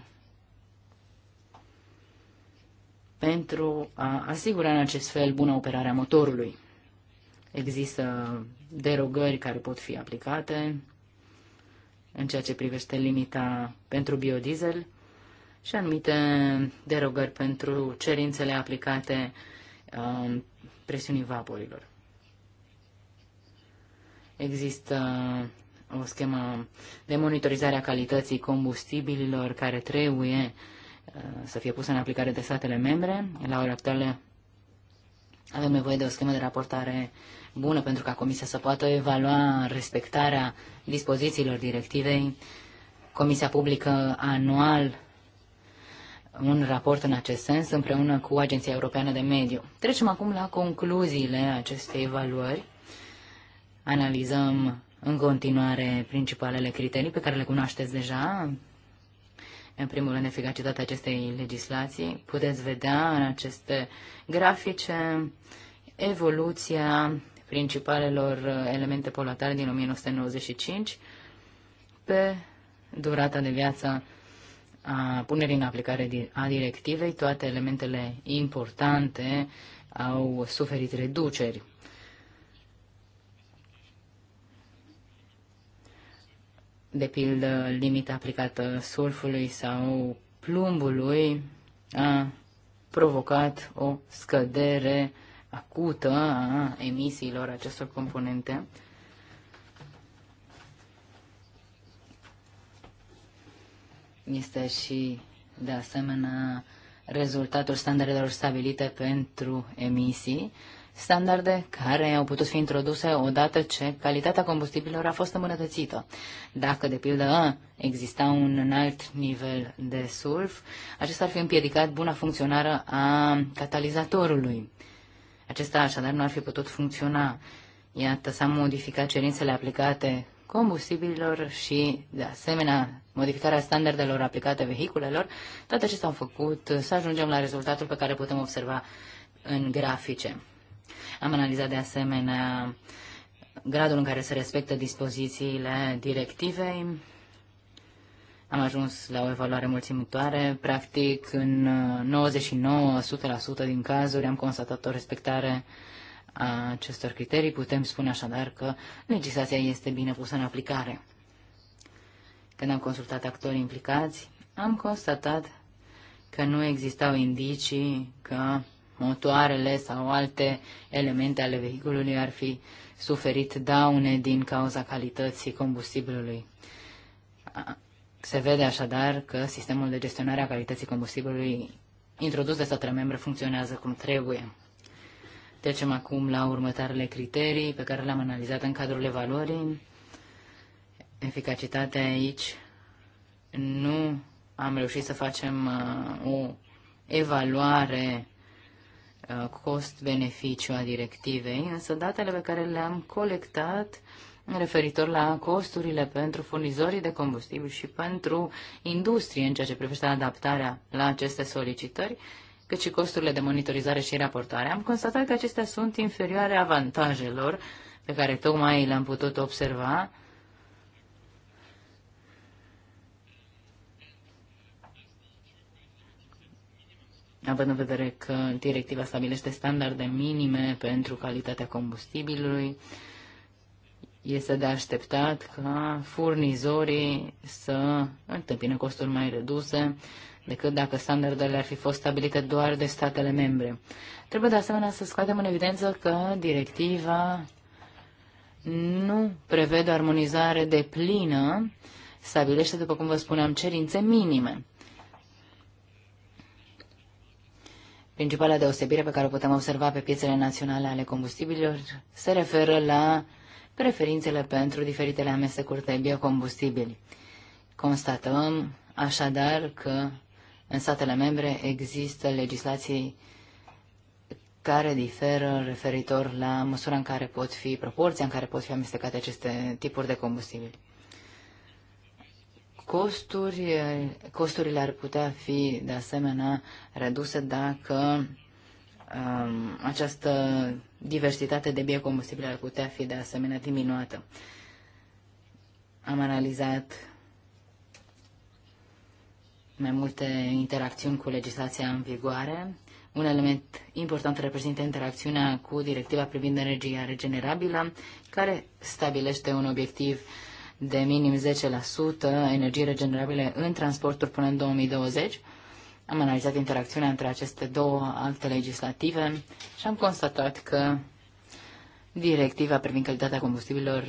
pentru a asigura în acest fel bună operarea motorului. Există derogări care pot fi aplicate în ceea ce privește limita pentru biodiesel și anumite derogări pentru cerințele aplicate um, presiunii vaporilor. Există o schemă de monitorizare a calității combustibililor care trebuie uh, să fie pusă în aplicare de statele membre. La ora actuală avem nevoie de o schemă de raportare bună pentru ca Comisia să poată evalua respectarea dispozițiilor directivei. Comisia publică anual un raport în acest sens împreună cu Agenția Europeană de Mediu. Trecem acum la concluziile acestei evaluări. Analizăm în continuare principalele criterii pe care le cunoașteți deja. În primul rând, eficacitatea acestei legislații. Puteți vedea în aceste grafice evoluția principalelor elemente polatare din 1995 pe durata de viață a punerii în aplicare a directivei, toate elementele importante au suferit reduceri. De pildă, limita aplicată sulfului sau plumbului a provocat o scădere acută a emisiilor acestor componente este și, de asemenea, rezultatul standardelor stabilite pentru emisii, standarde care au putut fi introduse odată ce calitatea combustibililor a fost îmbunătățită. Dacă, de pildă, exista un înalt nivel de sulf, acesta ar fi împiedicat buna funcționare a catalizatorului. Acesta așadar nu ar fi putut funcționa. Iată, s-au modificat cerințele aplicate combustibililor și, de asemenea, modificarea standardelor aplicate vehiculelor. Toate acestea au făcut să ajungem la rezultatul pe care putem observa în grafice. Am analizat, de asemenea, gradul în care se respectă dispozițiile directivei. Am ajuns la o evaluare mulțumitoare. Practic, în 99% uh, din cazuri am constatat o respectare uh, a acestor criterii, putem spune așadar că legislația este bine pusă în aplicare. Când am consultat actorii implicați, am constatat că nu existau indicii că motoarele sau alte elemente ale vehiculului ar fi suferit daune din cauza calității combustibilului. Se vede așadar că sistemul de gestionare a calității combustibilului introdus de statele membre funcționează cum trebuie. Trecem acum la următoarele criterii pe care le-am analizat în cadrul evaluării. Eficacitatea aici nu am reușit să facem uh, o evaluare uh, cost-beneficiu a directivei, însă datele pe care le-am colectat referitor la costurile pentru furnizorii de combustibil și pentru industrie în ceea ce privește adaptarea la aceste solicitări, uh, cât și costurile de monitorizare și raportare. Am constatat că acestea sunt inferioare avantajelor pe care tocmai le-am putut observa având în vedere că directiva stabilește standarde minime pentru calitatea combustibilului, este de așteptat ca furnizorii să întâmpine costuri mai reduse, decât dacă standardele ar fi fost stabilite doar de statele membre. Trebuie de asemenea să scoatem în evidență că directiva nu prevede o armonizare de plină, stabilește, după cum vă spuneam, cerințe minime. Principala deosebire pe care o putem observa pe piețele naționale ale combustibililor se referă la preferințele pentru diferitele amestecuri de biocombustibili. Constatăm așadar că în statele membre există legislații care diferă referitor la măsura în care pot fi, proporția în care pot fi amestecate aceste tipuri de combustibili. Costuri, costurile ar putea fi de asemenea reduse dacă um, această diversitate de biocombustibile ar putea fi de asemenea diminuată. Am analizat mai multe interacțiuni cu legislația în vigoare. Un element important reprezintă interacțiunea cu directiva privind energia regenerabilă, care stabilește un obiectiv de minim 10% energie regenerabile în transporturi până în 2020. Am analizat interacțiunea între aceste două acte legislative și am constatat că directiva privind calitatea combustibilor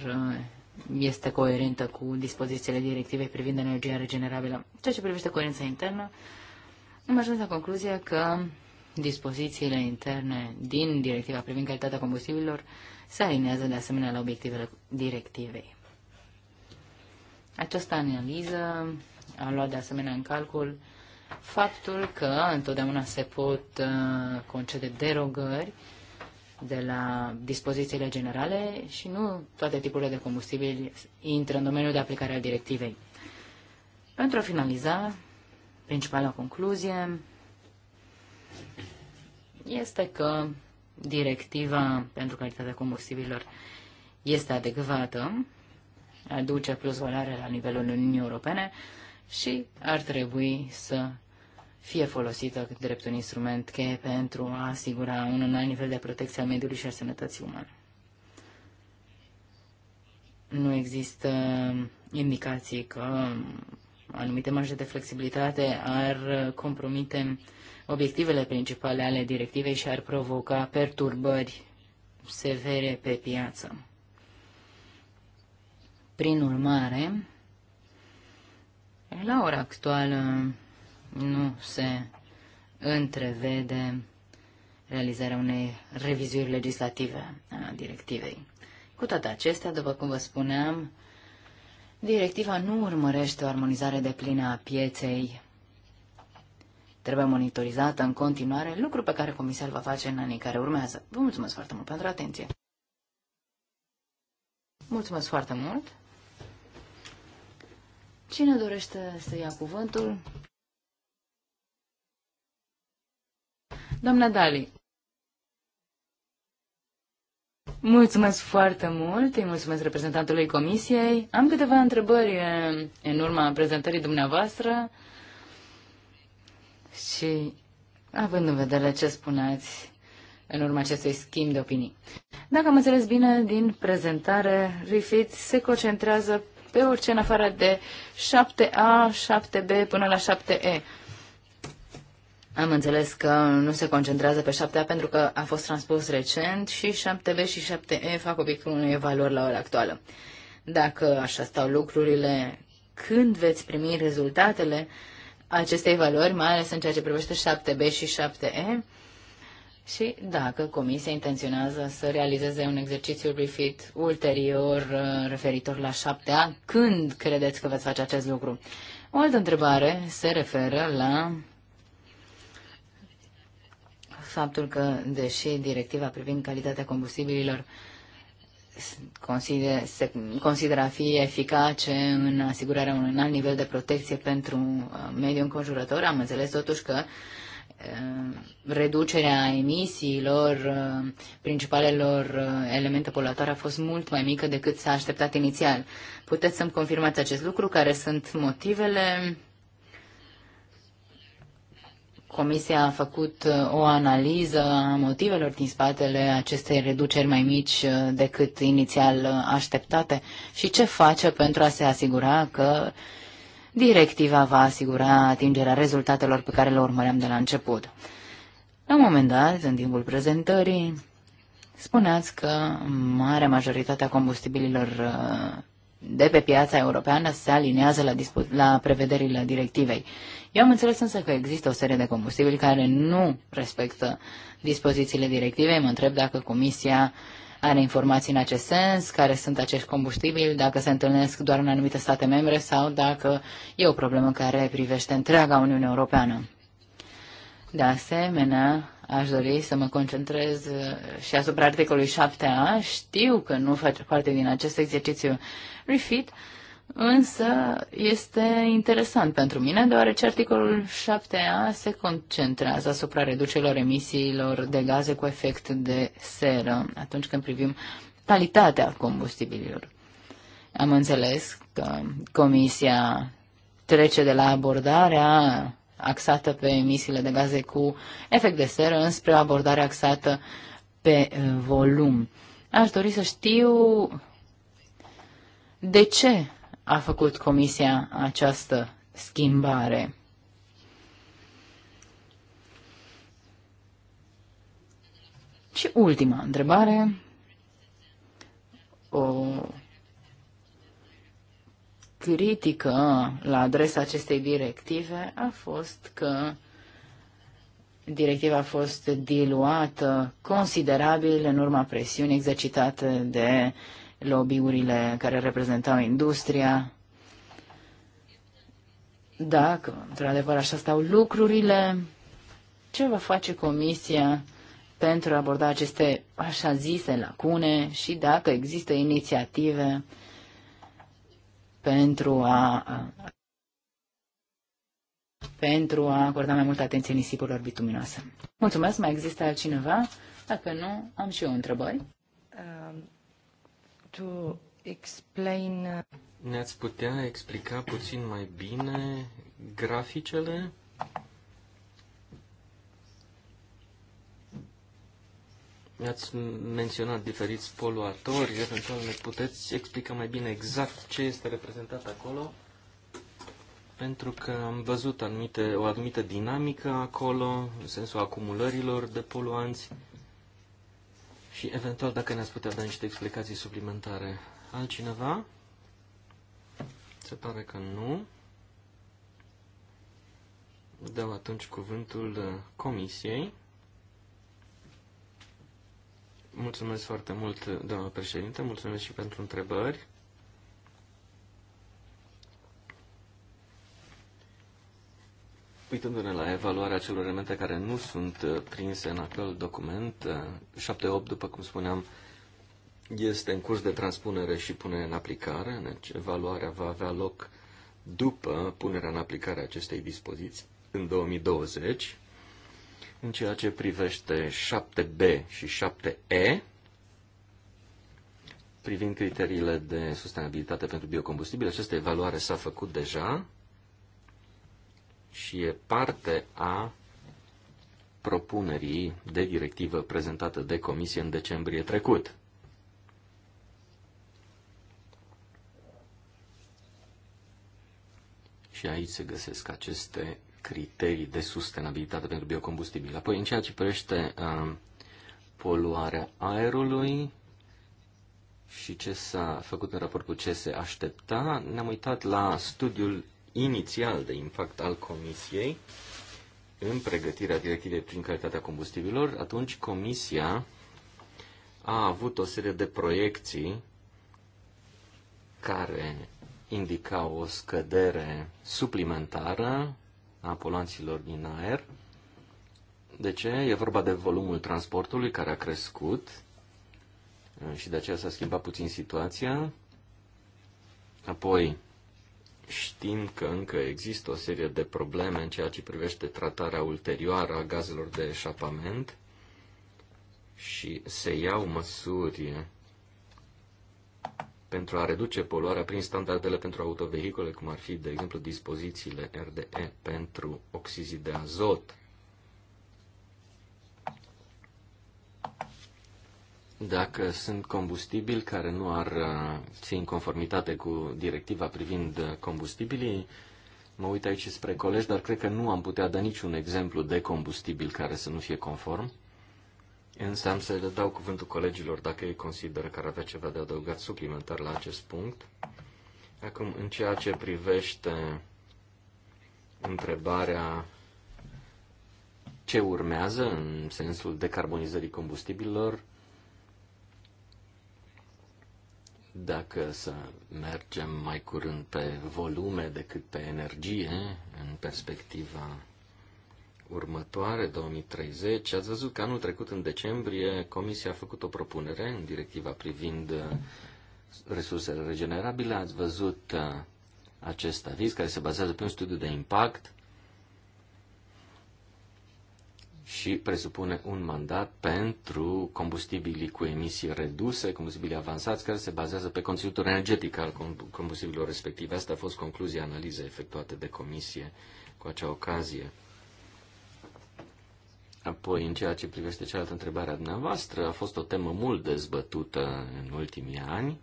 este coerentă cu dispozițiile directivei privind energia regenerabilă. Ceea ce privește coerența internă, am ajuns la concluzia că dispozițiile interne din directiva privind calitatea combustibililor se alinează de asemenea la obiectivele directivei. Această analiză a luat de asemenea în calcul faptul că întotdeauna se pot uh, concede derogări de la dispozițiile generale și nu toate tipurile de combustibili intră în domeniul de aplicare al directivei. Pentru a finaliza, principala concluzie este că directiva pentru calitatea combustibililor este adecvată, aduce plus valoare la nivelul Uniunii Europene și ar trebui să fie folosită drept un instrument cheie pentru a asigura un înalt nivel de protecție a mediului și a sănătății umane. Nu există indicații că anumite marge de flexibilitate ar compromite obiectivele principale ale directivei și ar provoca perturbări severe pe piață. Prin urmare, la ora actuală, nu se întrevede realizarea unei revizuiri legislative a directivei. Cu toate acestea, după cum vă spuneam, directiva nu urmărește o armonizare de plină a pieței. Trebuie monitorizată în continuare, lucru pe care Comisia îl va face în anii care urmează. Vă mulțumesc foarte mult pentru atenție. Mulțumesc foarte mult. Cine dorește să ia cuvântul? Doamna Dali. Mulțumesc foarte mult, îi mulțumesc reprezentantului Comisiei. Am câteva întrebări în urma prezentării dumneavoastră și având în vedere ce spuneați în urma acestui schimb de opinii. Dacă am înțeles bine din prezentare, Rifit se concentrează pe orice în afară de 7A, 7B până la 7E. Am înțeles că nu se concentrează pe 7A pentru că a fost transpus recent și 7B și 7E fac obiectul unei evaluări la ora actuală. Dacă așa stau lucrurile, când veți primi rezultatele acestei evaluări, mai ales în ceea ce privește 7B și 7E? Și dacă Comisia intenționează să realizeze un exercițiu refit ulterior uh, referitor la 7A, când credeți că veți face acest lucru? O altă întrebare se referă la faptul că, deși directiva privind calitatea combustibililor consider, se consideră a fi eficace în asigurarea unui înalt nivel de protecție pentru uh, mediul înconjurător, am înțeles totuși că uh, reducerea emisiilor uh, principalelor elemente poluatoare a fost mult mai mică decât s-a așteptat inițial. Puteți să-mi confirmați acest lucru? Care sunt motivele Comisia a făcut uh, o analiză a motivelor din spatele acestei reduceri mai mici uh, decât inițial uh, așteptate și ce face pentru a se asigura că directiva va asigura atingerea rezultatelor pe care le urmăream de la început. La un moment dat, în timpul prezentării, spuneați că marea majoritate a combustibililor de pe piața europeană se aliniază la, la prevederile directivei. Eu am înțeles însă că există o serie de combustibili care nu respectă dispozițiile directivei. Mă întreb dacă Comisia are informații în acest sens, care sunt acești combustibili, dacă se întâlnesc doar în anumite state membre sau dacă e o problemă care privește întreaga Uniune Europeană. De asemenea, aș dori să mă concentrez uh, și asupra articolului 7a. Știu că nu face parte din acest exercițiu Refit, însă este interesant pentru mine, deoarece articolul 7a se concentrează asupra reducerilor emisiilor de gaze cu efect de seră, atunci când privim calitatea combustibililor. Am înțeles că Comisia trece de la abordarea axată pe emisiile de gaze cu efect de seră înspre o abordare axată pe volum. Aș dori să știu de ce a făcut Comisia această schimbare? Și ultima întrebare, o critică la adresa acestei directive a fost că directiva a fost diluată considerabil în urma presiunii exercitate de uh, lobby-urile care reprezentau industria. Dacă, într-adevăr, așa stau lucrurile, ce va face Comisia pentru a aborda aceste așa zise lacune și dacă există inițiative pentru a pentru a acorda mai multă atenție nisipurilor bituminoase. Mulțumesc, mai există altcineva? Dacă nu, am și eu întrebări. Um, to explain... Uh, Ne-ați putea explica puțin mai bine graficele? Ați menționat diferiți poluatori, eventual ne puteți explica mai bine exact ce este reprezentat acolo? Pentru că am văzut anumite, o anumită dinamică acolo, în sensul acumulărilor de poluanți. Și eventual dacă ne-ați putea da niște explicații suplimentare. Altcineva? Se pare că nu. Dau atunci cuvântul uh, comisiei. Mulțumesc foarte mult, doamnă președinte, mulțumesc și pentru întrebări. Uitându-ne la evaluarea celor elemente care nu sunt uh, prinse în acel document, 7.8, uh, după cum spuneam, este în curs de transpunere și punere în aplicare, deci evaluarea va avea loc după punerea în aplicare a acestei dispoziții în 2020. În ceea ce privește 7B și 7E, privind criteriile de sustenabilitate pentru biocombustibile, această evaluare s-a făcut deja și e parte a propunerii de directivă prezentată de Comisie în decembrie trecut. Și aici se găsesc aceste criterii de sustenabilitate pentru biocombustibil. Apoi, în ceea ce privește uh, poluarea aerului și ce s-a făcut în raport cu ce se aștepta, ne-am uitat la studiul inițial de impact al Comisiei în pregătirea directivei prin calitatea combustibilor, atunci Comisia a avut o serie de proiecții care indicau o scădere suplimentară a poluanților din aer. De ce? E vorba de volumul transportului care a crescut uh, și de aceea s-a schimbat puțin situația. Apoi, Știm că încă există o serie de probleme în ceea ce privește tratarea ulterioară a gazelor de eșapament și se iau măsuri pentru a reduce poluarea prin standardele pentru autovehicule, cum ar fi, de exemplu, dispozițiile RDE pentru oxizii de azot. dacă sunt combustibili care nu ar fi uh, în conformitate cu directiva privind uh, combustibilii. Mă uit aici spre colegi, dar cred că nu am putea da niciun exemplu de combustibil care să nu fie conform. Însă am să le dau cuvântul colegilor dacă ei consideră că ar avea ceva de adăugat suplimentar la acest punct. Acum, în ceea ce privește întrebarea ce urmează în sensul decarbonizării combustibililor, dacă să mergem mai curând pe volume decât pe energie în perspectiva următoare, 2030. Ați văzut că anul trecut, în decembrie, Comisia a făcut o propunere în directiva privind uh, resursele regenerabile. Ați văzut uh, acest aviz care se bazează pe un studiu de impact și presupune un mandat pentru combustibilii cu emisii reduse, combustibili avansați, care se bazează pe conținutul energetic al combustibililor respective. Asta a fost concluzia analizei efectuate de comisie cu acea ocazie. Apoi, în ceea ce privește cealaltă întrebare a dumneavoastră, a fost o temă mult dezbătută în ultimii ani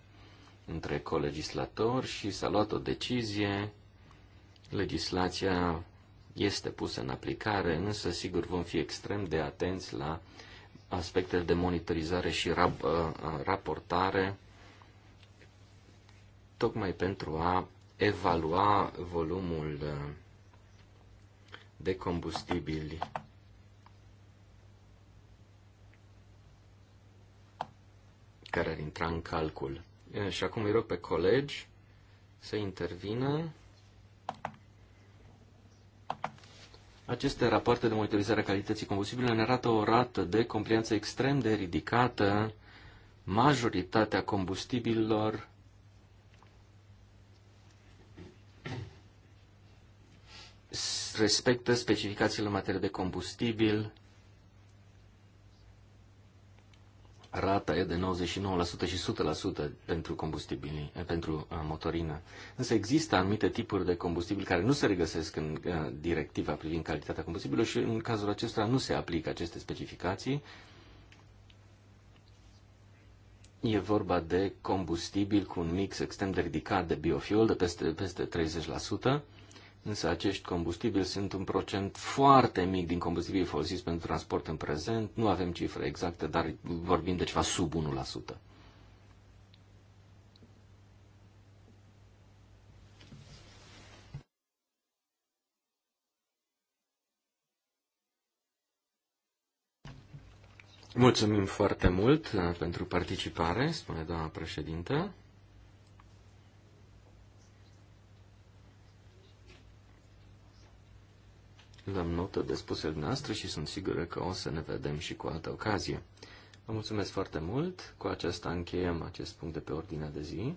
între colegislatori și s-a luat o decizie. Legislația este pusă în aplicare, însă sigur vom fi extrem de atenți la aspectele de monitorizare și rap, uh, uh, raportare, tocmai pentru a evalua volumul uh, de combustibili care ar intra în calcul. Și acum îi rog pe colegi să intervină. Aceste rapoarte de monitorizare a calității combustibilului ne arată o rată de complianță extrem de ridicată. Majoritatea combustibililor respectă specificațiile în materie de combustibil rata e de 99% și 100% pentru combustibili, eh, pentru eh, motorină. Însă există anumite tipuri de combustibil care nu se regăsesc în eh, directiva privind calitatea combustibilului și în cazul acesta nu se aplică aceste specificații. E vorba de combustibil cu un mix extrem de ridicat de biofuel, de peste, peste 30%, Însă acești combustibili sunt un procent foarte mic din combustibilii folosiți pentru transport în prezent. Nu avem cifre exacte, dar vorbim de ceva sub 1%. Mulțumim foarte mult uh, pentru participare, spune doamna președintă. luăm notă de spusele noastre și sunt sigură că o să ne vedem și cu altă ocazie. Vă mulțumesc foarte mult. Cu aceasta încheiem acest punct de pe ordinea de zi.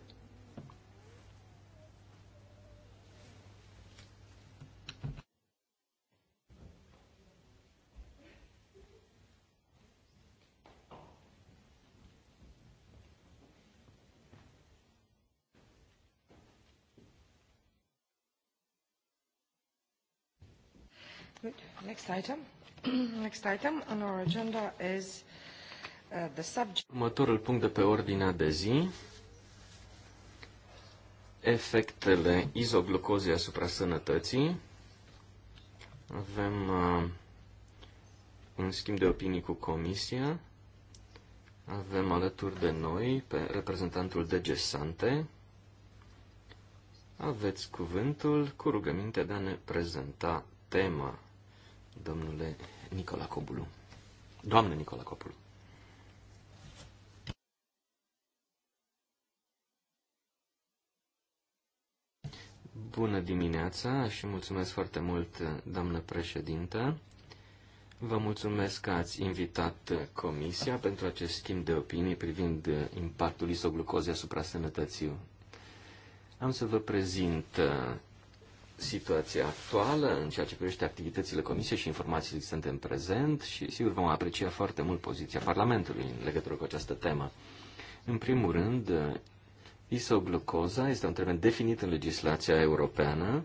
next item. Next item on our agenda is uh, the subject. Următorul punct de pe ordinea de zi efectele izoglucozei asupra sănătății. Avem uh, un schimb de opinii cu Comisia. Avem alături de noi pe reprezentantul DG Sante. Aveți cuvântul cu rugăminte de a ne prezenta tema domnule Nicola Cobulu. Doamne Nicola Cobulu. Bună dimineața și mulțumesc foarte mult, doamnă președintă. Vă mulțumesc că ați invitat Comisia pentru acest schimb de opinii privind impactul isoglucozei asupra sănătății. Am să vă prezint situația actuală în ceea ce privește activitățile Comisiei și informațiile existente în prezent și sigur vom aprecia foarte mult poziția Parlamentului în legătură cu această temă. În primul rând, isoglucoza este un termen definit în legislația europeană.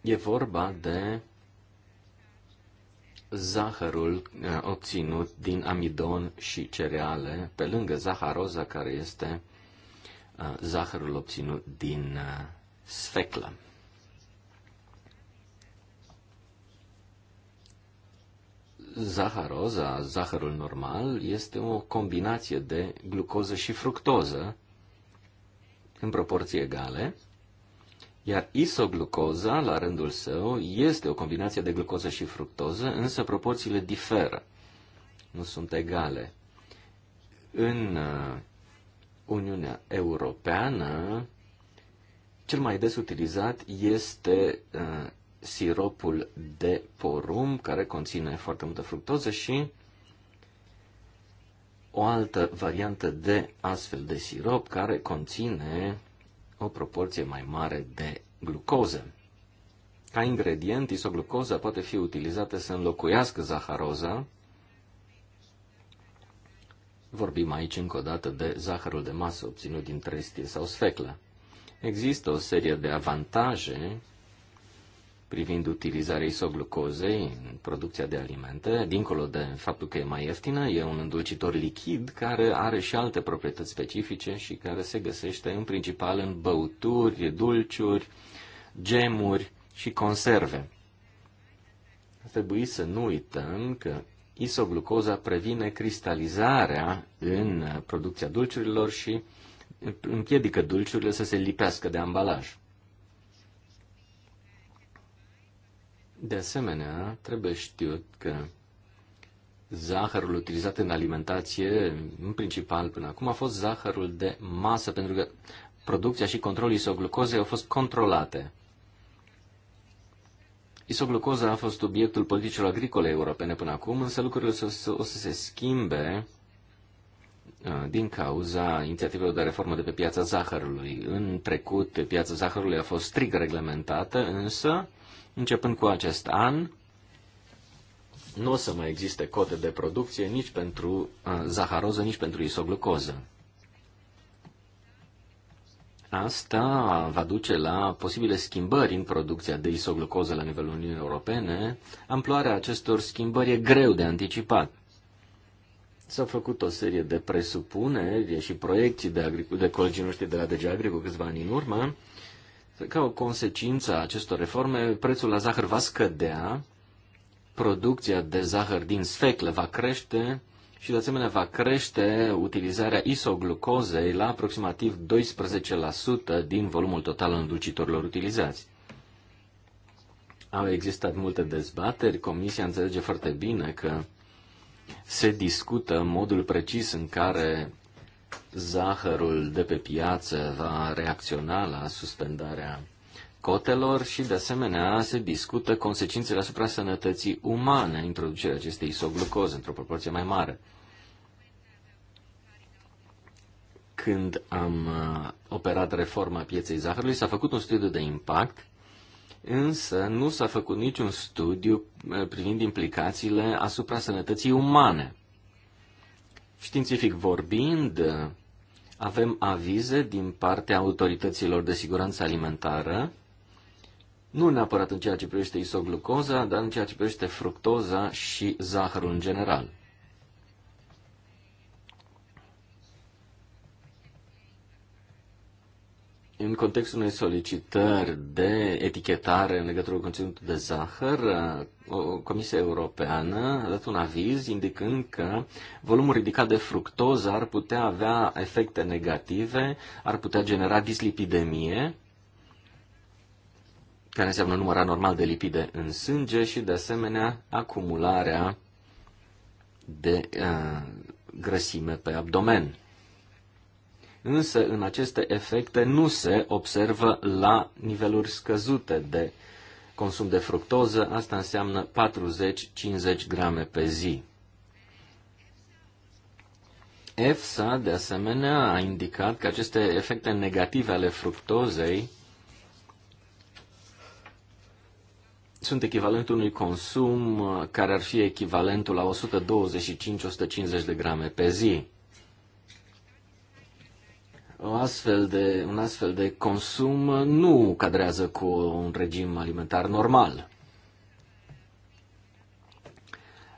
E vorba de zahărul eh, obținut din amidon și cereale, pe lângă zaharoza care este zahărul obținut din sfeclă. Zaharoza, zahărul normal, este o combinație de glucoză și fructoză în proporții egale, iar isoglucoza, la rândul său, este o combinație de glucoză și fructoză, însă proporțiile diferă, nu sunt egale. În Uniunea Europeană, cel mai des utilizat este uh, siropul de porumb, care conține foarte multă fructoză și o altă variantă de astfel de sirop care conține o proporție mai mare de glucoză. Ca ingredient, isoglucoza poate fi utilizată să înlocuiască zaharoza, Vorbim aici încă o dată de zahărul de masă obținut din trestie sau sfeclă. Există o serie de avantaje privind utilizarea isoglucozei în producția de alimente, dincolo de faptul că e mai ieftină, e un îndulcitor lichid care are și alte proprietăți specifice și care se găsește în principal în băuturi, dulciuri, gemuri și conserve. Trebuie să nu uităm că isoglucoza previne cristalizarea în producția dulciurilor și împiedică dulciurile să se lipească de ambalaj. De asemenea, trebuie știut că zahărul utilizat în alimentație, în principal până acum, a fost zahărul de masă, pentru că producția și controlul isoglucozei au fost controlate. Isoglucoza a fost obiectul politicilor agricole europene până acum, însă lucrurile o să se schimbe uh, din cauza inițiativelor de reformă de pe piața zahărului. În trecut, piața zahărului a fost strict reglementată, însă, începând cu acest an, nu o să mai existe cote de producție nici pentru uh, zaharoză, nici pentru isoglucoză. Asta va duce la posibile schimbări în producția de isoglucoză la nivelul Uniunii Europene. Amploarea acestor schimbări e greu de anticipat. S-au făcut o serie de presupuneri și proiecții de, de colegii noștri de la DG Agri cu câțiva ani în urmă. Ca o consecință a acestor reforme, prețul la zahăr va scădea, producția de zahăr din sfeclă va crește, și de asemenea va crește utilizarea isoglucozei la aproximativ 12% din volumul total al îndulcitorilor utilizați. Au existat multe dezbateri, comisia înțelege foarte bine că se discută modul precis în care zahărul de pe piață va reacționa la suspendarea cotelor și, de asemenea, se discută consecințele asupra sănătății umane, introducerea acestei isoglucoze într-o proporție mai mare. Când am uh, operat reforma pieței zahărului, s-a făcut un studiu de impact, însă nu s-a făcut niciun studiu uh, privind implicațiile asupra sănătății umane. Științific vorbind, uh, avem avize din partea autorităților de siguranță alimentară nu neapărat în ceea ce privește isoglucoza, dar în ceea ce privește fructoza și zahărul în general. În contextul unei solicitări de etichetare în legătură cu conținutul de zahăr, Comisia Europeană a dat un aviz indicând că volumul ridicat de fructoză ar putea avea efecte negative, ar putea genera dislipidemie, care înseamnă număr anormal de lipide în sânge și, de asemenea, acumularea de uh, grăsime pe abdomen. Însă, în aceste efecte nu se observă la niveluri scăzute de consum de fructoză, asta înseamnă 40-50 grame pe zi. EFSA, de asemenea, a indicat că aceste efecte negative ale fructozei sunt echivalentul unui consum uh, care ar fi echivalentul la 125-150 de grame pe zi. O astfel de, un astfel de consum uh, nu cadrează cu un regim alimentar normal.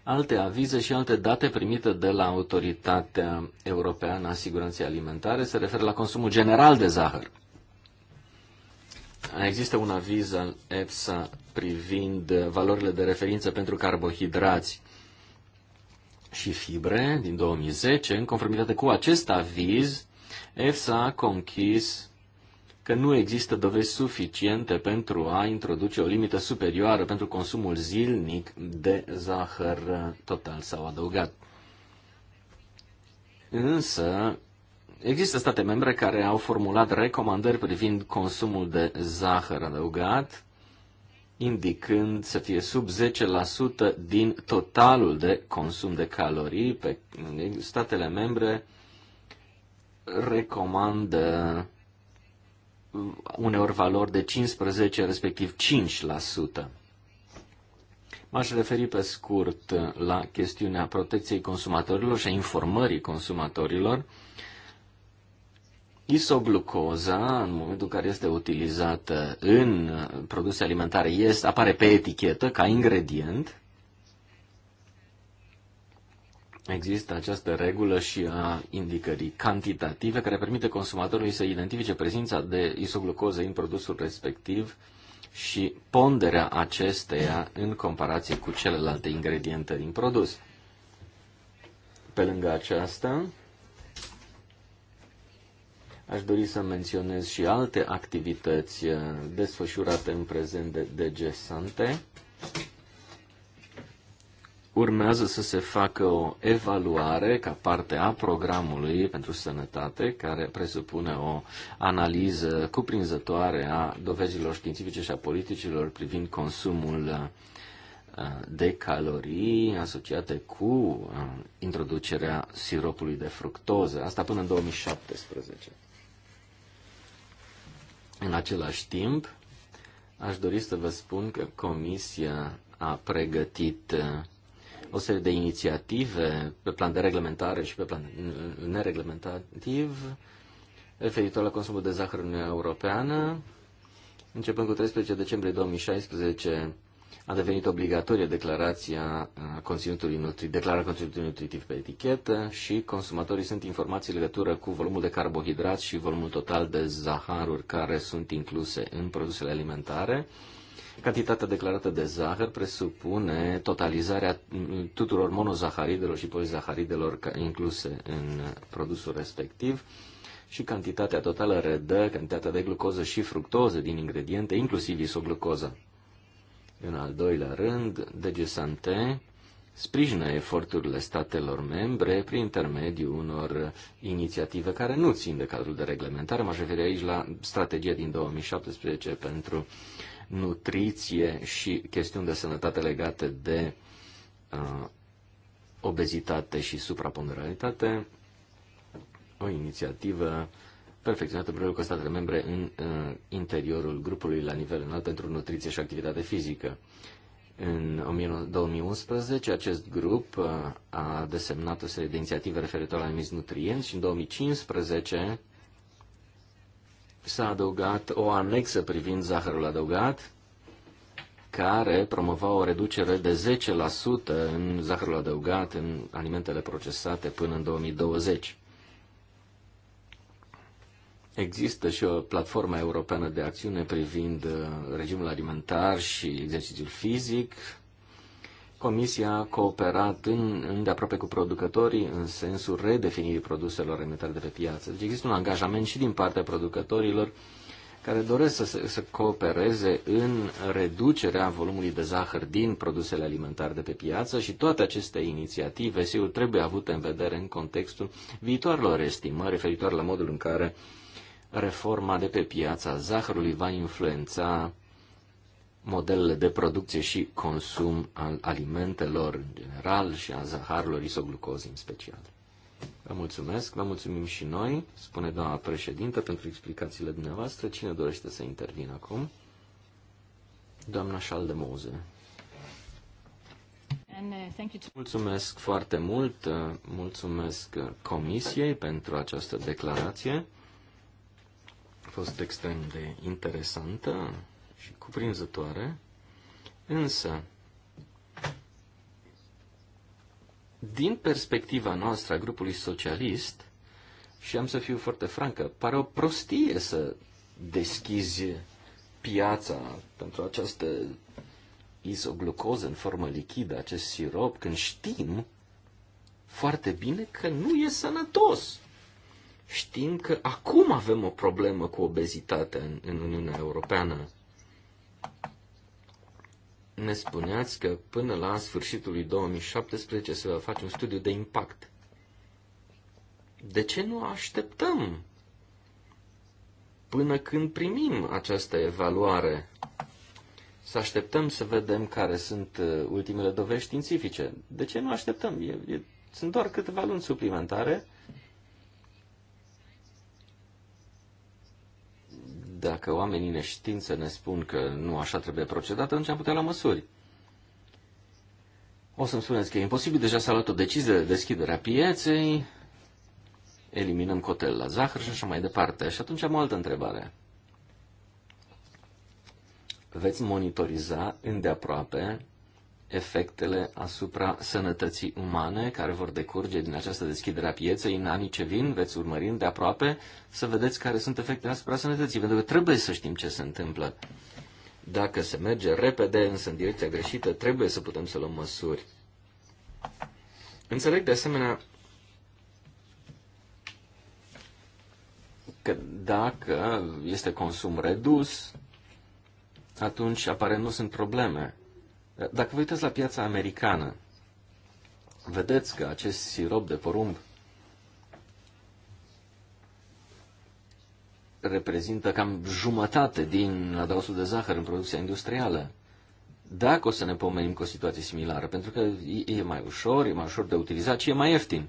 Alte avize și alte date primite de la Autoritatea Europeană a Siguranței Alimentare se referă la consumul general de zahăr. Există un aviz al EFSA privind valorile de referință pentru carbohidrați și fibre din 2010, în conformitate cu acest aviz, EFSA a conchis că nu există dovezi suficiente pentru a introduce o limită superioară pentru consumul zilnic de zahăr total sau adăugat. Însă, există state membre care au formulat recomandări privind consumul de zahăr adăugat indicând să fie sub 10% din totalul de consum de calorii. Pe statele membre recomandă uneori valori de 15, respectiv 5%. M-aș referi pe scurt la chestiunea protecției consumatorilor și a informării consumatorilor. Isoglucoza, în momentul în care este utilizată în produse alimentare, este, apare pe etichetă ca ingredient. Există această regulă și a indicării cantitative care permite consumatorului să identifice prezența de isoglucoză în produsul respectiv și ponderea acesteia în comparație cu celelalte ingrediente din produs. Pe lângă aceasta, Aș dori să menționez și alte activități uh, desfășurate în prezent de DG Sante. Urmează să se facă o evaluare ca parte a programului pentru sănătate, care presupune o analiză cuprinzătoare a dovezilor științifice și a politicilor privind consumul uh, de calorii asociate cu uh, introducerea siropului de fructoză. Asta până în 2017. În același timp, aș dori să vă spun că Comisia a pregătit uh, o serie de inițiative pe plan de reglementare și pe plan nereglementativ referitor la consumul de zahăr în Uniunea Europeană. Începând cu 13 decembrie 2016, a devenit obligatorie declarația uh, conținutului nutri, declararea conținutului nutritiv pe etichetă și consumatorii sunt informați în legătură cu volumul de carbohidrați și volumul total de zaharuri care sunt incluse în produsele alimentare. Cantitatea declarată de zahăr presupune totalizarea mm, tuturor monozaharidelor și polizaharidelor incluse în produsul respectiv și cantitatea totală redă cantitatea de glucoză și fructoză din ingrediente, inclusiv isoglucoză. În al doilea rând, de Sante sprijină eforturile statelor membre prin intermediul unor inițiative care nu țin de cadrul de reglementare. M-aș referi aici la strategia din 2017 pentru nutriție și chestiuni de sănătate legate de uh, obezitate și supraponderalitate, o inițiativă perfecționată împreună cu statele membre în interiorul grupului la nivel înalt pentru nutriție și activitate fizică. În 2011, acest grup uh, a desemnat o serie de inițiative referitoare la anumiți nutrienți și în 2015 s-a adăugat o anexă privind zahărul adăugat, care promova o reducere de 10% în zahărul adăugat în alimentele procesate până în 2020. Există și o platformă europeană de acțiune privind uh, regimul alimentar și exercițiul fizic. Comisia a cooperat în, îndeaproape cu producătorii în sensul redefinirii produselor alimentare de pe piață. Deci există un angajament și din partea producătorilor care doresc să, să coopereze în reducerea volumului de zahăr din produsele alimentare de pe piață și toate aceste inițiative, sigur, trebuie avute în vedere în contextul viitoarelor estimări referitoare la modul în care uh, reforma de pe piața zahărului va influența modelele de producție și consum al alimentelor în general și a zaharului isoglucozii în special. Vă mulțumesc, vă mulțumim și noi, spune doamna președintă, pentru explicațiile dumneavoastră. Cine dorește să intervină acum? Doamna Șaldemouze. Uh, mulțumesc foarte mult, uh, mulțumesc uh, Comisiei pentru această declarație fost extrem de interesantă și cuprinzătoare, însă, din perspectiva noastră a grupului socialist, și am să fiu foarte francă, pare o prostie să deschizi piața pentru această izoglucoză în formă lichidă, acest sirop, când știm foarte bine că nu e sănătos știm că acum avem o problemă cu obezitatea în, în Uniunea Europeană. Ne spuneați că până la sfârșitul lui 2017 se va face un studiu de impact. De ce nu așteptăm până când primim această evaluare? Să așteptăm să vedem care sunt uh, ultimele dovești științifice. De ce nu așteptăm? E, e, sunt doar câteva luni suplimentare dacă oamenii neștiință ne spun că nu așa trebuie procedat, atunci am putea la măsuri. O să-mi spuneți că e imposibil, deja s-a luat o decizie de deschidere a pieței, eliminăm cotel la zahăr și așa mai departe. Și atunci am o altă întrebare. Veți monitoriza îndeaproape efectele asupra sănătății umane care vor decurge din această deschidere a pieței. În anii ce vin veți urmări de aproape să vedeți care sunt efectele asupra sănătății, pentru că trebuie să știm ce se întâmplă. Dacă se merge repede, însă în direcția greșită, trebuie să putem să luăm măsuri. Înțeleg de asemenea că dacă este consum redus, atunci apare nu sunt probleme dacă vă uitați la piața americană, vedeți că acest sirop de porumb reprezintă cam jumătate din adăusul de zahăr în producția industrială. Dacă o să ne pomenim cu o situație similară, pentru că e mai ușor, e mai ușor de utilizat și e mai ieftin.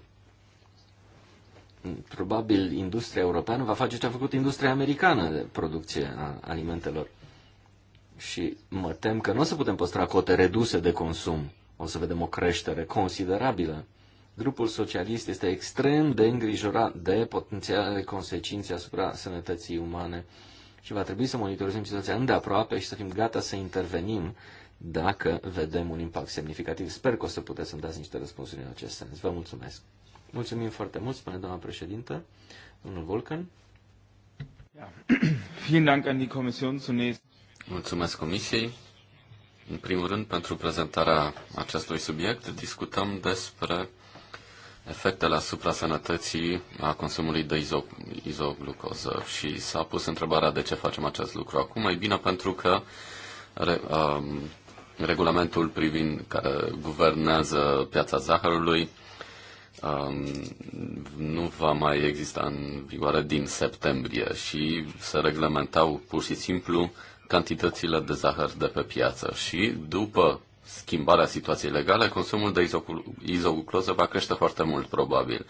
Probabil industria europeană va face ce a făcut industria americană de producție a alimentelor și mă tem că nu o să putem păstra cote reduse de consum. O să vedem o creștere considerabilă. Grupul socialist este extrem de îngrijorat de potențiale consecințe asupra sănătății umane și va trebui să monitorizăm situația îndeaproape și să fim gata să intervenim dacă vedem un impact semnificativ. Sper că o să puteți să-mi dați niște răspunsuri în acest sens. Vă mulțumesc. Mulțumim foarte mult, spune doamna președintă, domnul Volcan. Ja. Vielen Dank an die Kommission zunächst. Mulțumesc Comisiei. În primul rând, pentru prezentarea acestui subiect, discutăm despre efectele asupra sănătății a consumului de izo- izoglucoză și s-a pus întrebarea de ce facem acest lucru acum. Mai bine pentru că re, um, regulamentul privind care guvernează piața zahărului um, nu va mai exista în vigoare din septembrie și se reglementau pur și simplu cantitățile de zahăr de pe piață și după schimbarea situației legale, consumul de izogucloză va crește foarte mult, probabil.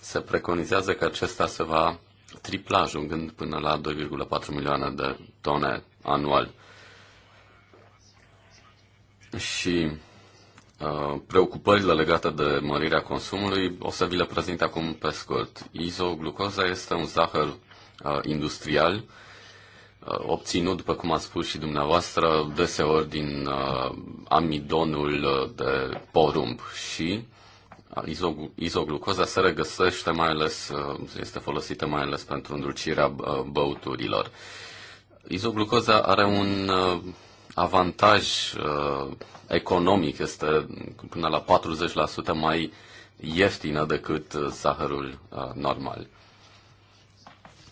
Se preconizează că acesta se va tripla, ajungând până la 2,4 milioane de tone anual. Și uh, preocupările legate de mărirea consumului o să vi le prezint acum pe scurt. Izoglucoza este un zahăr uh, industrial uh, Uh, obținut, după cum a spus și dumneavoastră, deseori din uh, amidonul uh, de porumb și uh, izoglucoza se regăsește mai ales, este folosită mai ales pentru îndulcirea băuturilor. Izoglucoza are un avantaj economic, este până la 40% mai ieftină decât zahărul normal.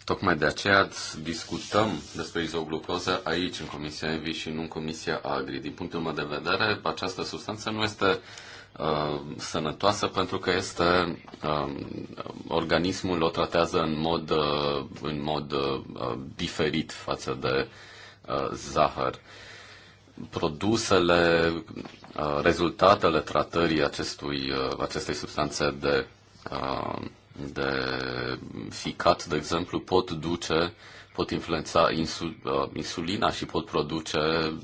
Tocmai de aceea discutăm despre izoglucoză aici, în Comisia EVI și nu în Comisia AGRI. Din punctul meu de vedere, această substanță nu este uh, sănătoasă pentru că este uh, organismul o tratează în mod, uh, în mod uh, diferit față de uh, zahăr. Produsele, uh, rezultatele tratării acestui, uh, acestei substanțe de uh, de ficat, de exemplu, pot duce, pot influența insul, uh, insulina și pot produce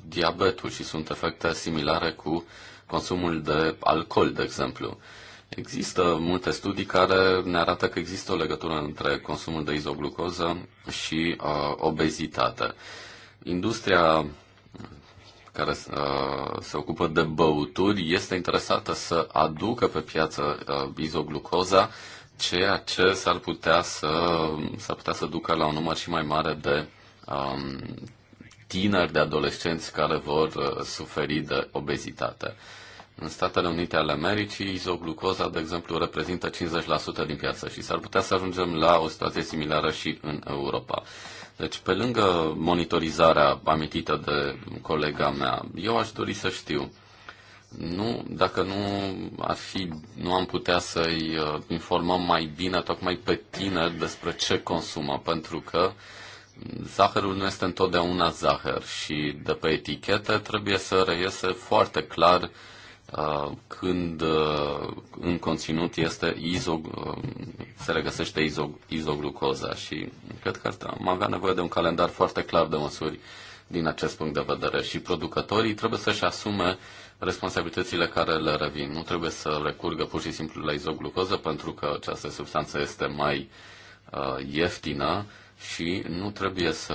diabetul și sunt efecte similare cu consumul de alcool, de exemplu. Există multe studii care ne arată că există o legătură între consumul de izoglucoză și uh, obezitate. Industria care uh, se ocupă de băuturi este interesată să aducă pe piață uh, izoglucoza ceea ce s-ar putea să, s-ar putea să ducă la un număr și mai mare de um, tineri, de adolescenți care vor uh, suferi de obezitate. În Statele Unite ale Americii, izoglucoza, de exemplu, reprezintă 50% din piață și s-ar putea să ajungem la o situație similară și în Europa. Deci, pe lângă monitorizarea amintită de colega mea, eu aș dori să știu nu, dacă nu ar fi, nu am putea să-i uh, informăm mai bine, tocmai pe tineri, despre ce consumă, pentru că zahărul nu este întotdeauna zahăr și de pe etichete trebuie să reiese foarte clar uh, când uh, în conținut este izo, uh, se regăsește izo, izoglucoza și cred că am avea nevoie de un calendar foarte clar de măsuri din acest punct de vedere și producătorii trebuie să-și asume responsabilitățile care le revin. Nu trebuie să recurgă pur și simplu la izoglucoză pentru că această substanță este mai uh, ieftină și nu trebuie să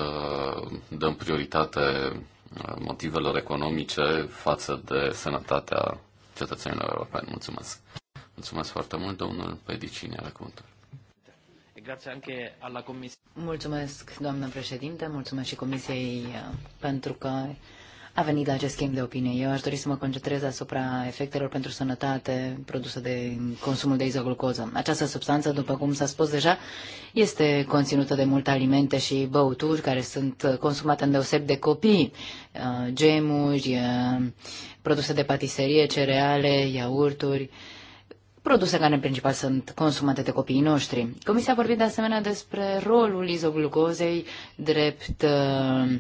dăm prioritate uh, motivelor economice față de sănătatea cetățenilor europeni. Mulțumesc. Mulțumesc foarte mult, domnul Pedicini, are cuvântul. Mulțumesc, doamnă președinte, mulțumesc și Comisiei uh, pentru că a venit la acest schimb de opinie. Eu aș dori să mă concentrez asupra efectelor pentru sănătate produse de consumul de izoglucoză. Această substanță, după cum s-a spus deja, este conținută de multe alimente și băuturi care sunt consumate în deoseb de copii, uh, gemuri, uh, produse de patiserie, cereale, iaurturi, produse care în principal sunt consumate de copiii noștri. Comisia a vorbit de asemenea despre rolul izoglucozei drept uh,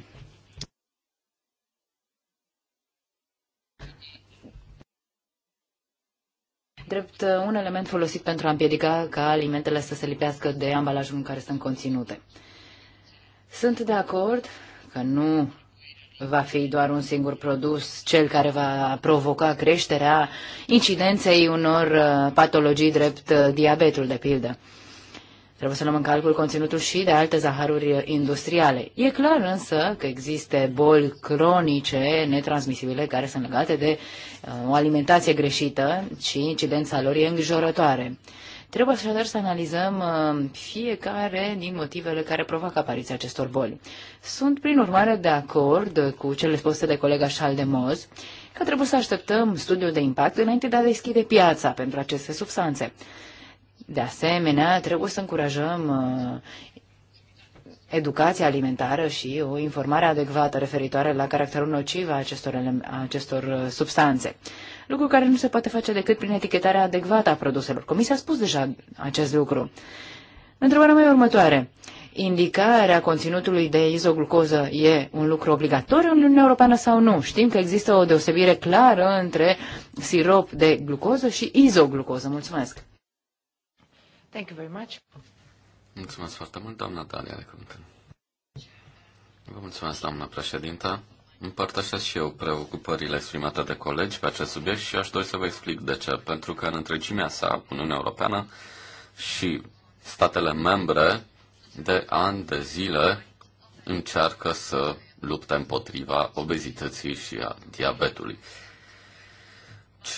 drept un element folosit pentru a împiedica ca alimentele să se lipească de ambalajul în care sunt conținute. Sunt de acord că nu va fi doar un singur produs cel care va provoca creșterea incidenței unor uh, patologii drept uh, diabetul, de pildă. Trebuie să luăm în calcul conținutul și de alte zaharuri industriale. E clar însă că există boli cronice netransmisibile care sunt legate de uh, o alimentație greșită și incidența lor e îngrijorătoare. Trebuie așadar să analizăm uh, fiecare din motivele care provoacă apariția acestor boli. Sunt, prin urmare, de acord cu cele spuse de colega Moz că trebuie să așteptăm studiul de impact înainte de a deschide piața pentru aceste substanțe. De asemenea, trebuie să încurajăm uh, educația alimentară și o informare adecvată referitoare la caracterul nociv a acestor, a acestor uh, substanțe. Lucru care nu se poate face decât prin etichetarea adecvată a produselor. Comisia a spus deja acest lucru. Întrebarea mai următoare. Indicarea conținutului de izoglucoză e un lucru obligatoriu în Uniunea Europeană sau nu? Știm că există o deosebire clară între sirop de glucoză și izoglucoză. Mulțumesc! Thank you very much. Mulțumesc foarte mult, doamna Dalia, de cuvântul. Vă mulțumesc, doamna președinta. Împărtășesc și eu preocupările exprimate de colegi pe acest subiect și aș dori să vă explic de ce. Pentru că în întregimea sa, Uniunea Europeană și statele membre de ani de zile încearcă să lupte împotriva obezității și a diabetului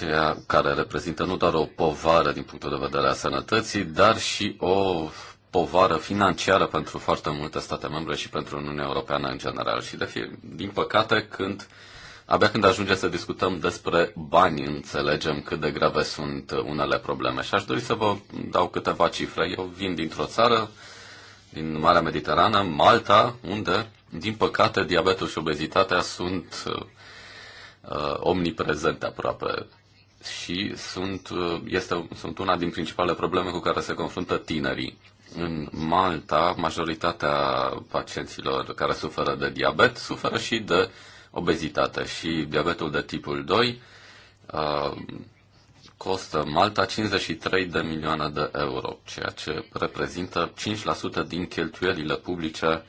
aceea care reprezintă nu doar o povară din punctul de vedere a sănătății, dar și o povară financiară pentru foarte multe state membre și pentru Uniunea Europeană în general. Și de fie, din păcate, când abia când ajunge să discutăm despre bani, înțelegem cât de grave sunt unele probleme. Și aș dori să vă dau câteva cifre. Eu vin dintr-o țară, din Marea Mediterană, Malta, unde, din păcate, diabetul și obezitatea sunt uh, omniprezente aproape și sunt, uh, este, sunt una din principalele probleme cu care se confruntă tinerii. În Malta, majoritatea pacienților care suferă de diabet suferă și de obezitate și diabetul de tipul 2 uh, costă Malta 53 de milioane de euro, ceea ce reprezintă 5% din cheltuielile publice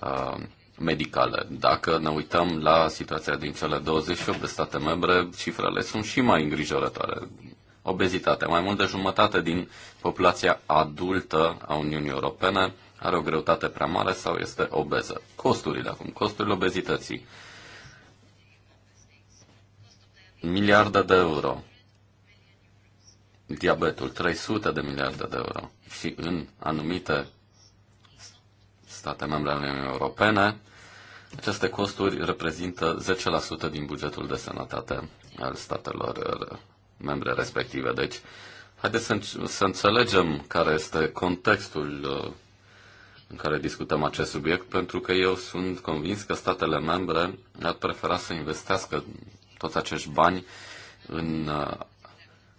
uh, medicală. Dacă ne uităm la situația din cele 28 de state membre, cifrele sunt și mai îngrijorătoare. Obezitatea. Mai mult de jumătate din populația adultă a Uniunii Europene are o greutate prea mare sau este obeză. Costurile acum, costurile obezității. Miliarde de euro. Diabetul, 300 de miliarde de euro. Și în anumite state membre ale Uniunii Europene, aceste costuri reprezintă 10% din bugetul de sănătate al statelor uh, membre respective. Deci, haideți să, să înțelegem care este contextul uh, în care discutăm acest subiect, pentru că eu sunt convins că statele membre ar prefera să investească toți acești bani în uh,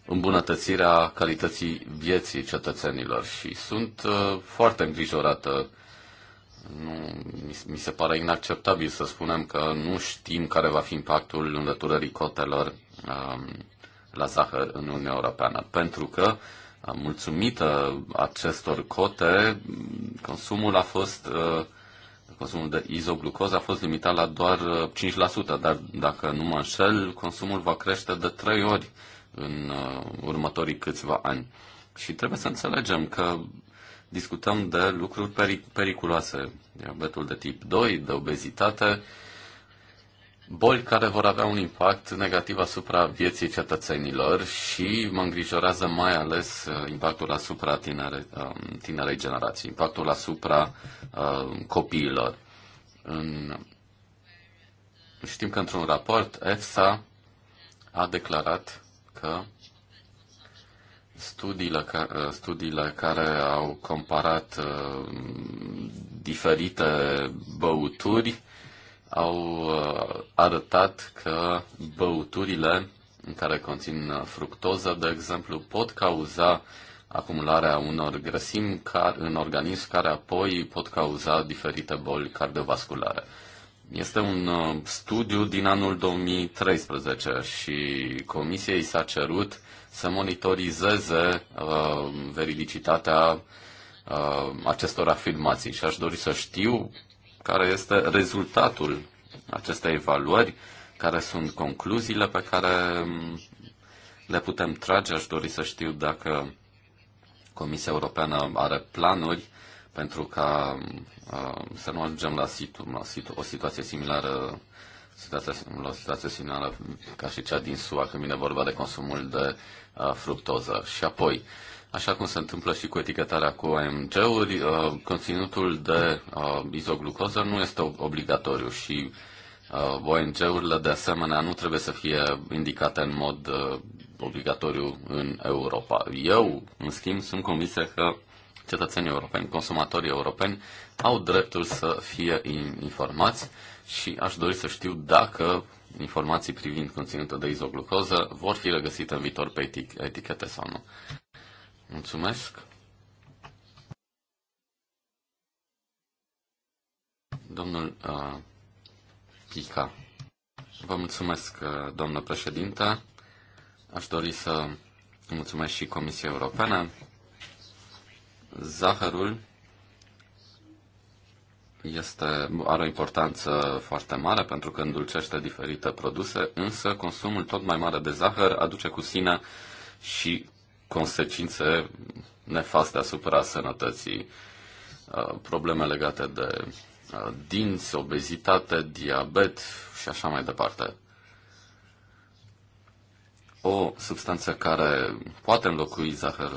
îmbunătățirea calității vieții cetățenilor și sunt foarte îngrijorată nu, mi se pare inacceptabil să spunem că nu știm care va fi impactul înlăturării cotelor um, la zahăr în Uniunea Europeană, pentru că, uh, mulțumită acestor cote, consumul a fost uh, consumul de izoglucoză a fost limitat la doar 5%, uh, dar dacă nu mă înșel, consumul va crește de 3 ori în uh, următorii câțiva ani. Și trebuie să înțelegem că discutăm de lucruri periculoase, diabetul de tip 2, de obezitate, boli care vor avea un impact negativ asupra vieții cetățenilor și mă îngrijorează mai ales uh, impactul asupra tinere, um, tinerei generații, impactul asupra uh, copiilor. În... Știm că într-un raport EFSA a declarat că studiile, care, uh, studiile care au comparat uh, diferite băuturi au uh, arătat că băuturile care conțin fructoză, de exemplu, pot cauza acumularea unor grăsimi în organism care apoi pot cauza diferite boli cardiovasculare. Este un studiu din anul 2013 și comisiei s-a cerut uh, să monitorizeze uh, veridicitatea uh, acestor afirmații și aș dori să știu care este rezultatul acestei evaluări, care sunt concluziile pe care um, le putem trage. Aș dori să știu dacă Comisia Europeană are planuri pentru ca uh, să nu ajungem la, situ, la situ, o situație similară situația, la o situație similară ca și cea din SUA când vine vorba de consumul de fructoză. Și apoi, așa cum se întâmplă și cu etichetarea cu OMG-uri, conținutul de izoglucoză nu este obligatoriu și OMG-urile de asemenea nu trebuie să fie indicate în mod obligatoriu în Europa. Eu, în schimb, sunt convins că cetățenii europeni, consumatorii europeni, au dreptul să fie informați și aș dori să știu dacă informații privind conținutul de izoglucoză vor fi regăsite în viitor pe etichete sau nu. Mulțumesc. Domnul uh, Pica. Vă mulțumesc, uh, domnă președinte. Aș dori să mulțumesc și Comisiei Europene. Zahărul este, are o importanță foarte mare pentru că îndulcește diferite produse, însă consumul tot mai mare de zahăr aduce cu sine și consecințe nefaste asupra sănătății, uh, probleme legate de uh, dinți, obezitate, diabet și așa mai departe. O substanță care poate înlocui zahăr,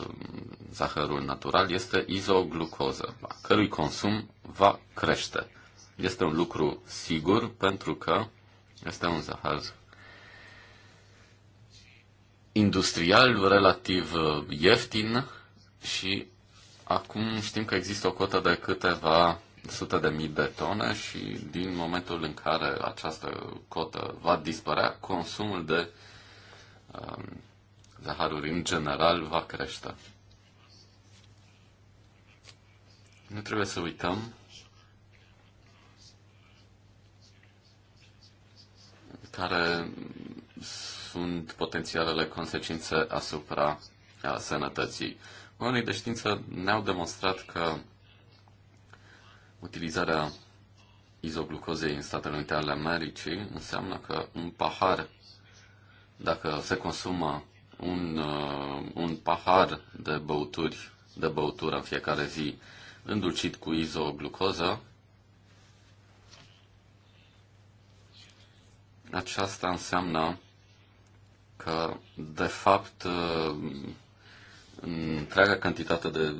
zahărul natural este izoglucoză, a cărui consum va crește. Este un lucru sigur pentru că este un zahăr industrial relativ uh, ieftin și acum știm că există o cotă de câteva sute de mii de tone și din momentul în care această cotă va dispărea, consumul de um, zaharuri în general va crește. Nu trebuie să uităm care sunt potențialele consecințe asupra sănătății. Oamenii de știință ne-au demonstrat că utilizarea izoglucozei în Statele Unite ale Americii înseamnă că un pahar, dacă se consumă un, uh, un pahar de băuturi, de băutură în fiecare zi îndulcit cu izoglucoză. Aceasta înseamnă că, de fapt, întreaga cantitate de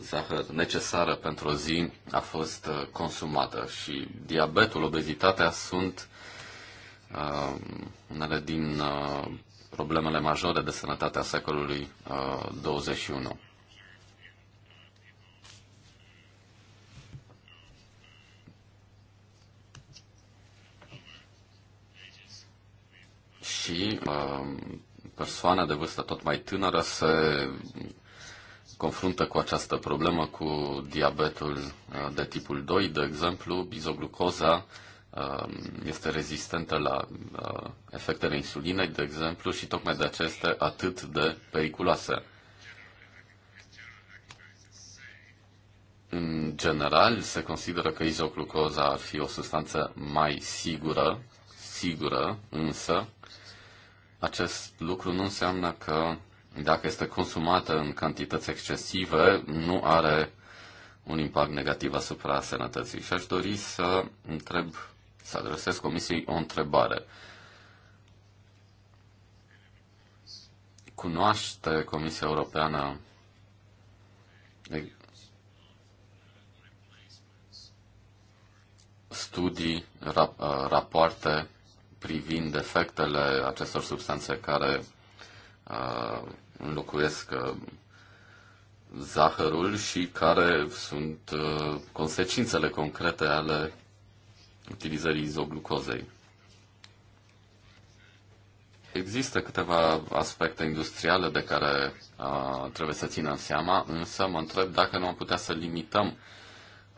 zahăr necesară pentru o zi a fost consumată și diabetul, obezitatea sunt uh, unele din uh, problemele majore de sănătate a secolului uh, 21. și um, persoana de vârstă tot mai tânără se confruntă cu această problemă cu diabetul uh, de tipul 2, de exemplu, bizoglucoza um, este rezistentă la uh, efectele insulinei, de exemplu, și tocmai de aceste atât de periculoase. În general, se consideră că izoglucoza ar fi o substanță mai sigură, sigură, însă acest lucru nu înseamnă că dacă este consumată în cantități excesive, nu are un impact negativ asupra sănătății. Și aș dori să întreb, să adresez Comisiei o întrebare. Cunoaște Comisia Europeană studii, rapoarte privind efectele acestor substanțe care uh, înlocuiesc uh, zahărul și care sunt uh, consecințele concrete ale utilizării izoglucozei. Există câteva aspecte industriale de care uh, trebuie să ținem seama, însă mă întreb dacă nu am putea să limităm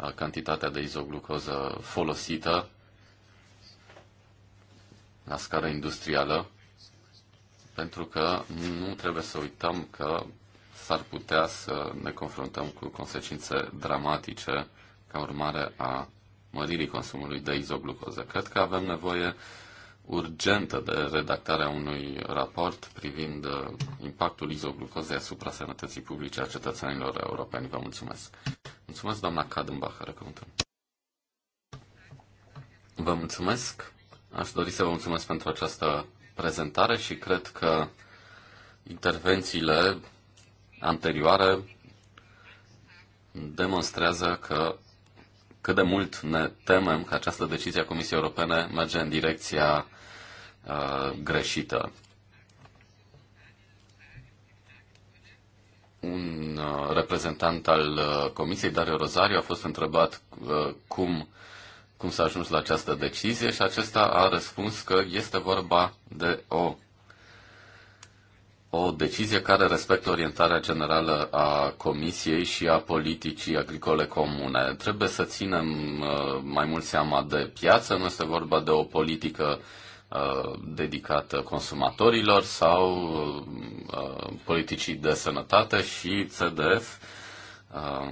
uh, cantitatea de izoglucoză folosită la scară industrială, pentru că nu trebuie să uităm că s-ar putea să ne confruntăm cu consecințe dramatice ca urmare a măririi consumului de izoglucoză. Cred că avem nevoie urgentă de redactarea unui raport privind uh, impactul izoglucozei asupra sănătății publice a cetățenilor europeni. Vă mulțumesc. Mulțumesc, doamna Kadenbacher, că Vă mulțumesc. Aș dori să vă mulțumesc pentru această prezentare și cred că intervențiile anterioare demonstrează că cât de mult ne temem că această decizie a Comisiei Europene merge în direcția uh, greșită. Un uh, reprezentant al uh, Comisiei, Dario Rosario, a fost întrebat uh, cum uh, cum s-a ajuns la această decizie și acesta a răspuns că este vorba de o, o decizie care respectă orientarea generală a Comisiei și a politicii agricole comune. Trebuie să ținem uh, mai mult seama de piață, nu este vorba de o politică uh, dedicată consumatorilor sau uh, politicii de sănătate și CDF,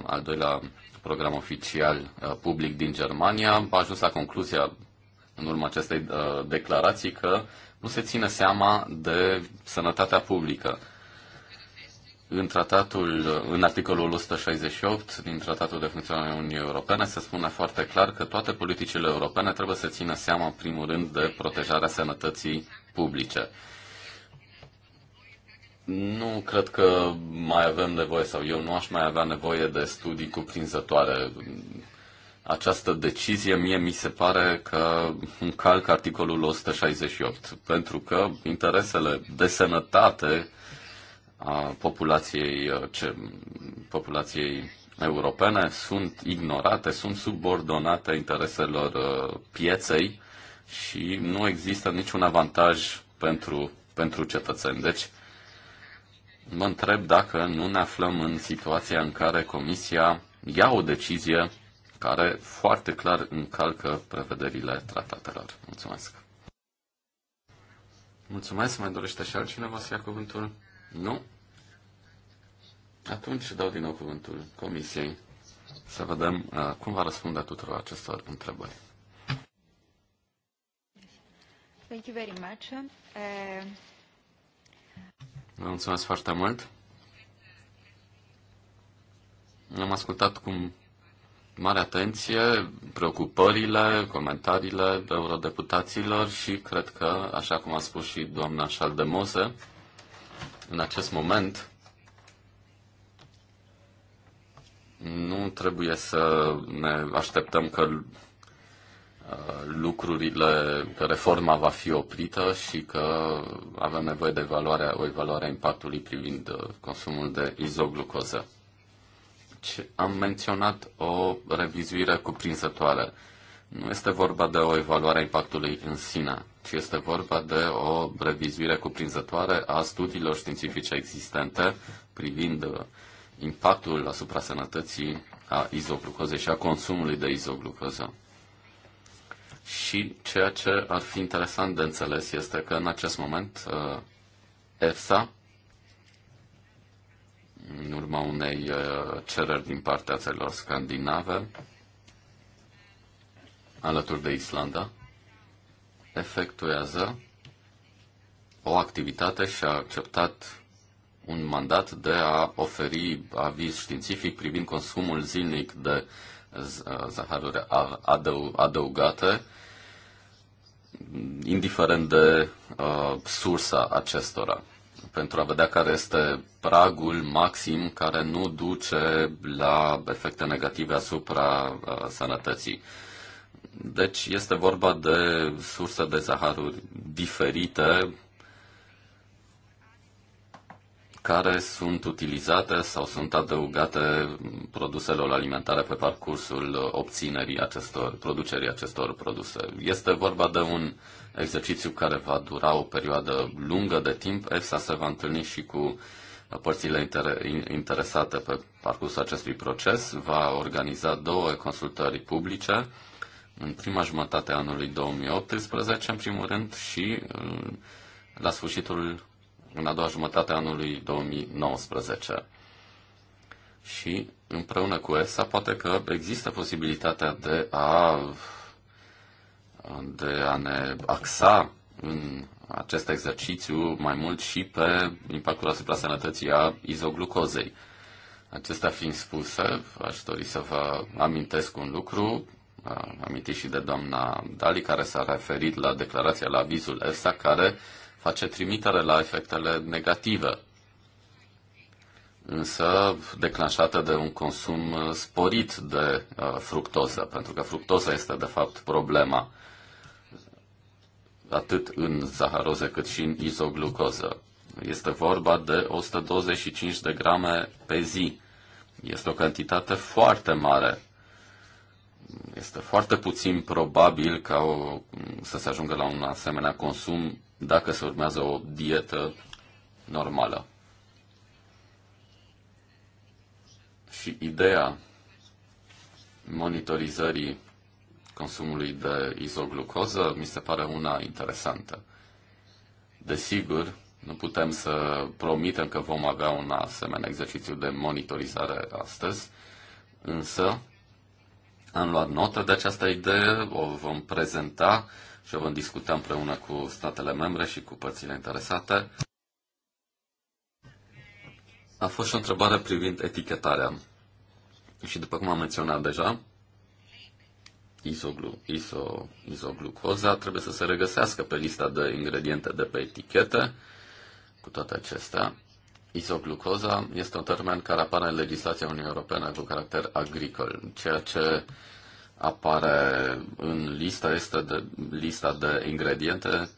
al doilea program oficial uh, public din Germania, a ajuns la concluzia în urma acestei uh, declarații că nu se ține seama de sănătatea publică. În tratatul, în articolul 168 din Tratatul de Funcționare a Uniunii Europene se spune foarte clar că toate politicile europene trebuie să țină seama, în primul rând, de protejarea sănătății publice. Nu cred că mai avem nevoie sau eu nu aș mai avea nevoie de studii cuprinzătoare. Această decizie mie mi se pare că încalcă articolul 168, pentru că interesele de sănătate a populației, uh, ce, populației europene sunt ignorate, sunt subordonate intereselor uh, pieței și nu există niciun avantaj pentru, pentru cetățeni. Deci, mă întreb dacă nu ne aflăm în situația în care Comisia ia o decizie care foarte clar încalcă prevederile tratatelor. Mulțumesc! Mulțumesc! Mai dorește și altcineva să ia cuvântul? Nu? Atunci dau din nou cuvântul Comisiei să vedem uh, cum va răspunde tuturor acestor întrebări. Thank you very much. Uh... Vă mulțumesc foarte mult. Am ascultat cu mare atenție preocupările, comentariile eurodeputaților și cred că, așa cum a spus și doamna Șaldemose, în acest moment nu trebuie să ne așteptăm că lucrurile, că reforma va fi oprită și că avem nevoie de evaluarea, o evaluare a impactului privind uh, consumul de izoglucoză. Am menționat o revizuire cuprinzătoare. Nu este vorba de o evaluare a impactului în sine, ci este vorba de o revizuire cuprinzătoare a studiilor științifice existente privind uh, impactul asupra sănătății a izoglucozei și a consumului de izoglucoză. Și ceea ce ar fi interesant de înțeles este că în acest moment uh, EFSA, în urma unei uh, cereri din partea țărilor scandinave, alături de Islanda, efectuează o activitate și a acceptat un mandat de a oferi aviz științific privind consumul zilnic de zaharuri adăugate, indiferent de uh, sursa acestora, pentru a vedea care este pragul maxim care nu duce la efecte negative asupra uh, sănătății. Deci este vorba de surse de zaharuri diferite care sunt utilizate sau sunt adăugate produselor alimentare pe parcursul obținerii acestor, producerii acestor produse. Este vorba de un exercițiu care va dura o perioadă lungă de timp. EFSA se va întâlni și cu părțile inter- interesate pe parcursul acestui proces. Va organiza două consultări publice în prima jumătate a anului 2018, în primul rând, și uh, la sfârșitul în a doua jumătate a anului 2019. Și împreună cu ESA poate că există posibilitatea de a, de a ne axa în acest exercițiu mai mult și pe impactul asupra sănătății a izoglucozei. Acestea fiind spuse, aș dori să vă amintesc un lucru, amintit și de doamna Dali, care s-a referit la declarația la avizul ESA, care uh, face trimitere la efectele negative, însă declanșată de un consum sporit de uh, fructoză, pentru că fructoza este de fapt problema atât în zaharoze cât și în izoglucoză. Este vorba de 125 de grame pe zi. Este o cantitate foarte mare. Este foarte puțin probabil ca o, să se ajungă la un asemenea consum dacă se urmează o dietă normală. Și ideea monitorizării consumului de izoglucoză mi se pare una interesantă. Desigur, nu putem să promitem că vom avea un asemenea exercițiu de monitorizare astăzi, însă am luat notă de această idee, o vom prezenta și o vom discuta împreună cu statele membre și cu părțile interesate. A fost și o întrebare privind etichetarea. Și după cum am menționat deja, isoglu, iso, isoglucoza trebuie să se regăsească pe lista de ingrediente de pe etichete Cu toate acestea, isoglucoza este un termen care apare în legislația Uniunii Europene cu caracter agricol, ceea ce apare în lista, este de, lista de ingrediente,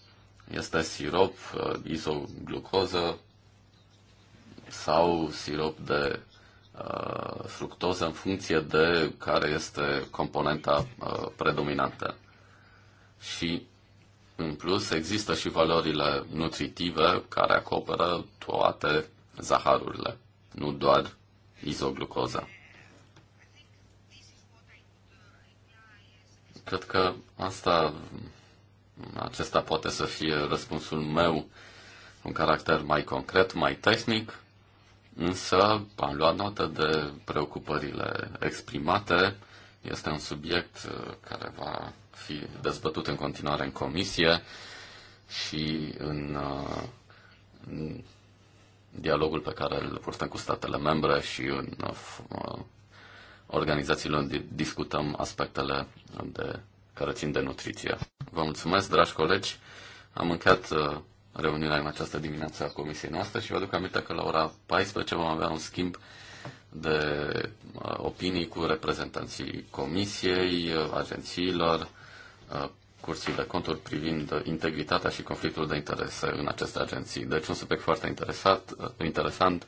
este sirop, uh, izoglucoză sau sirop de uh, fructoză în funcție de care este componenta uh, predominantă. Și în plus există și valorile nutritive care acoperă toate zaharurile, nu doar izoglucoza. Cred că asta, acesta poate să fie răspunsul meu, un caracter mai concret, mai tehnic, însă am luat notă de preocupările exprimate. Este un subiect uh, care va fi dezbătut în continuare în comisie și în, uh, în dialogul pe care îl purtăm cu statele membre și în uh, organizațiilor discutăm aspectele de, care țin de nutriție. Vă mulțumesc, dragi colegi. Am încheiat uh, reuniunea în această dimineață a comisiei noastre și vă aduc aminte că la ora 14 vom avea un schimb de uh, opinii cu reprezentanții comisiei, uh, agențiilor, curții de conturi privind integritatea și conflictul de interese în aceste agenții. Deci un subiect foarte interesat, interesant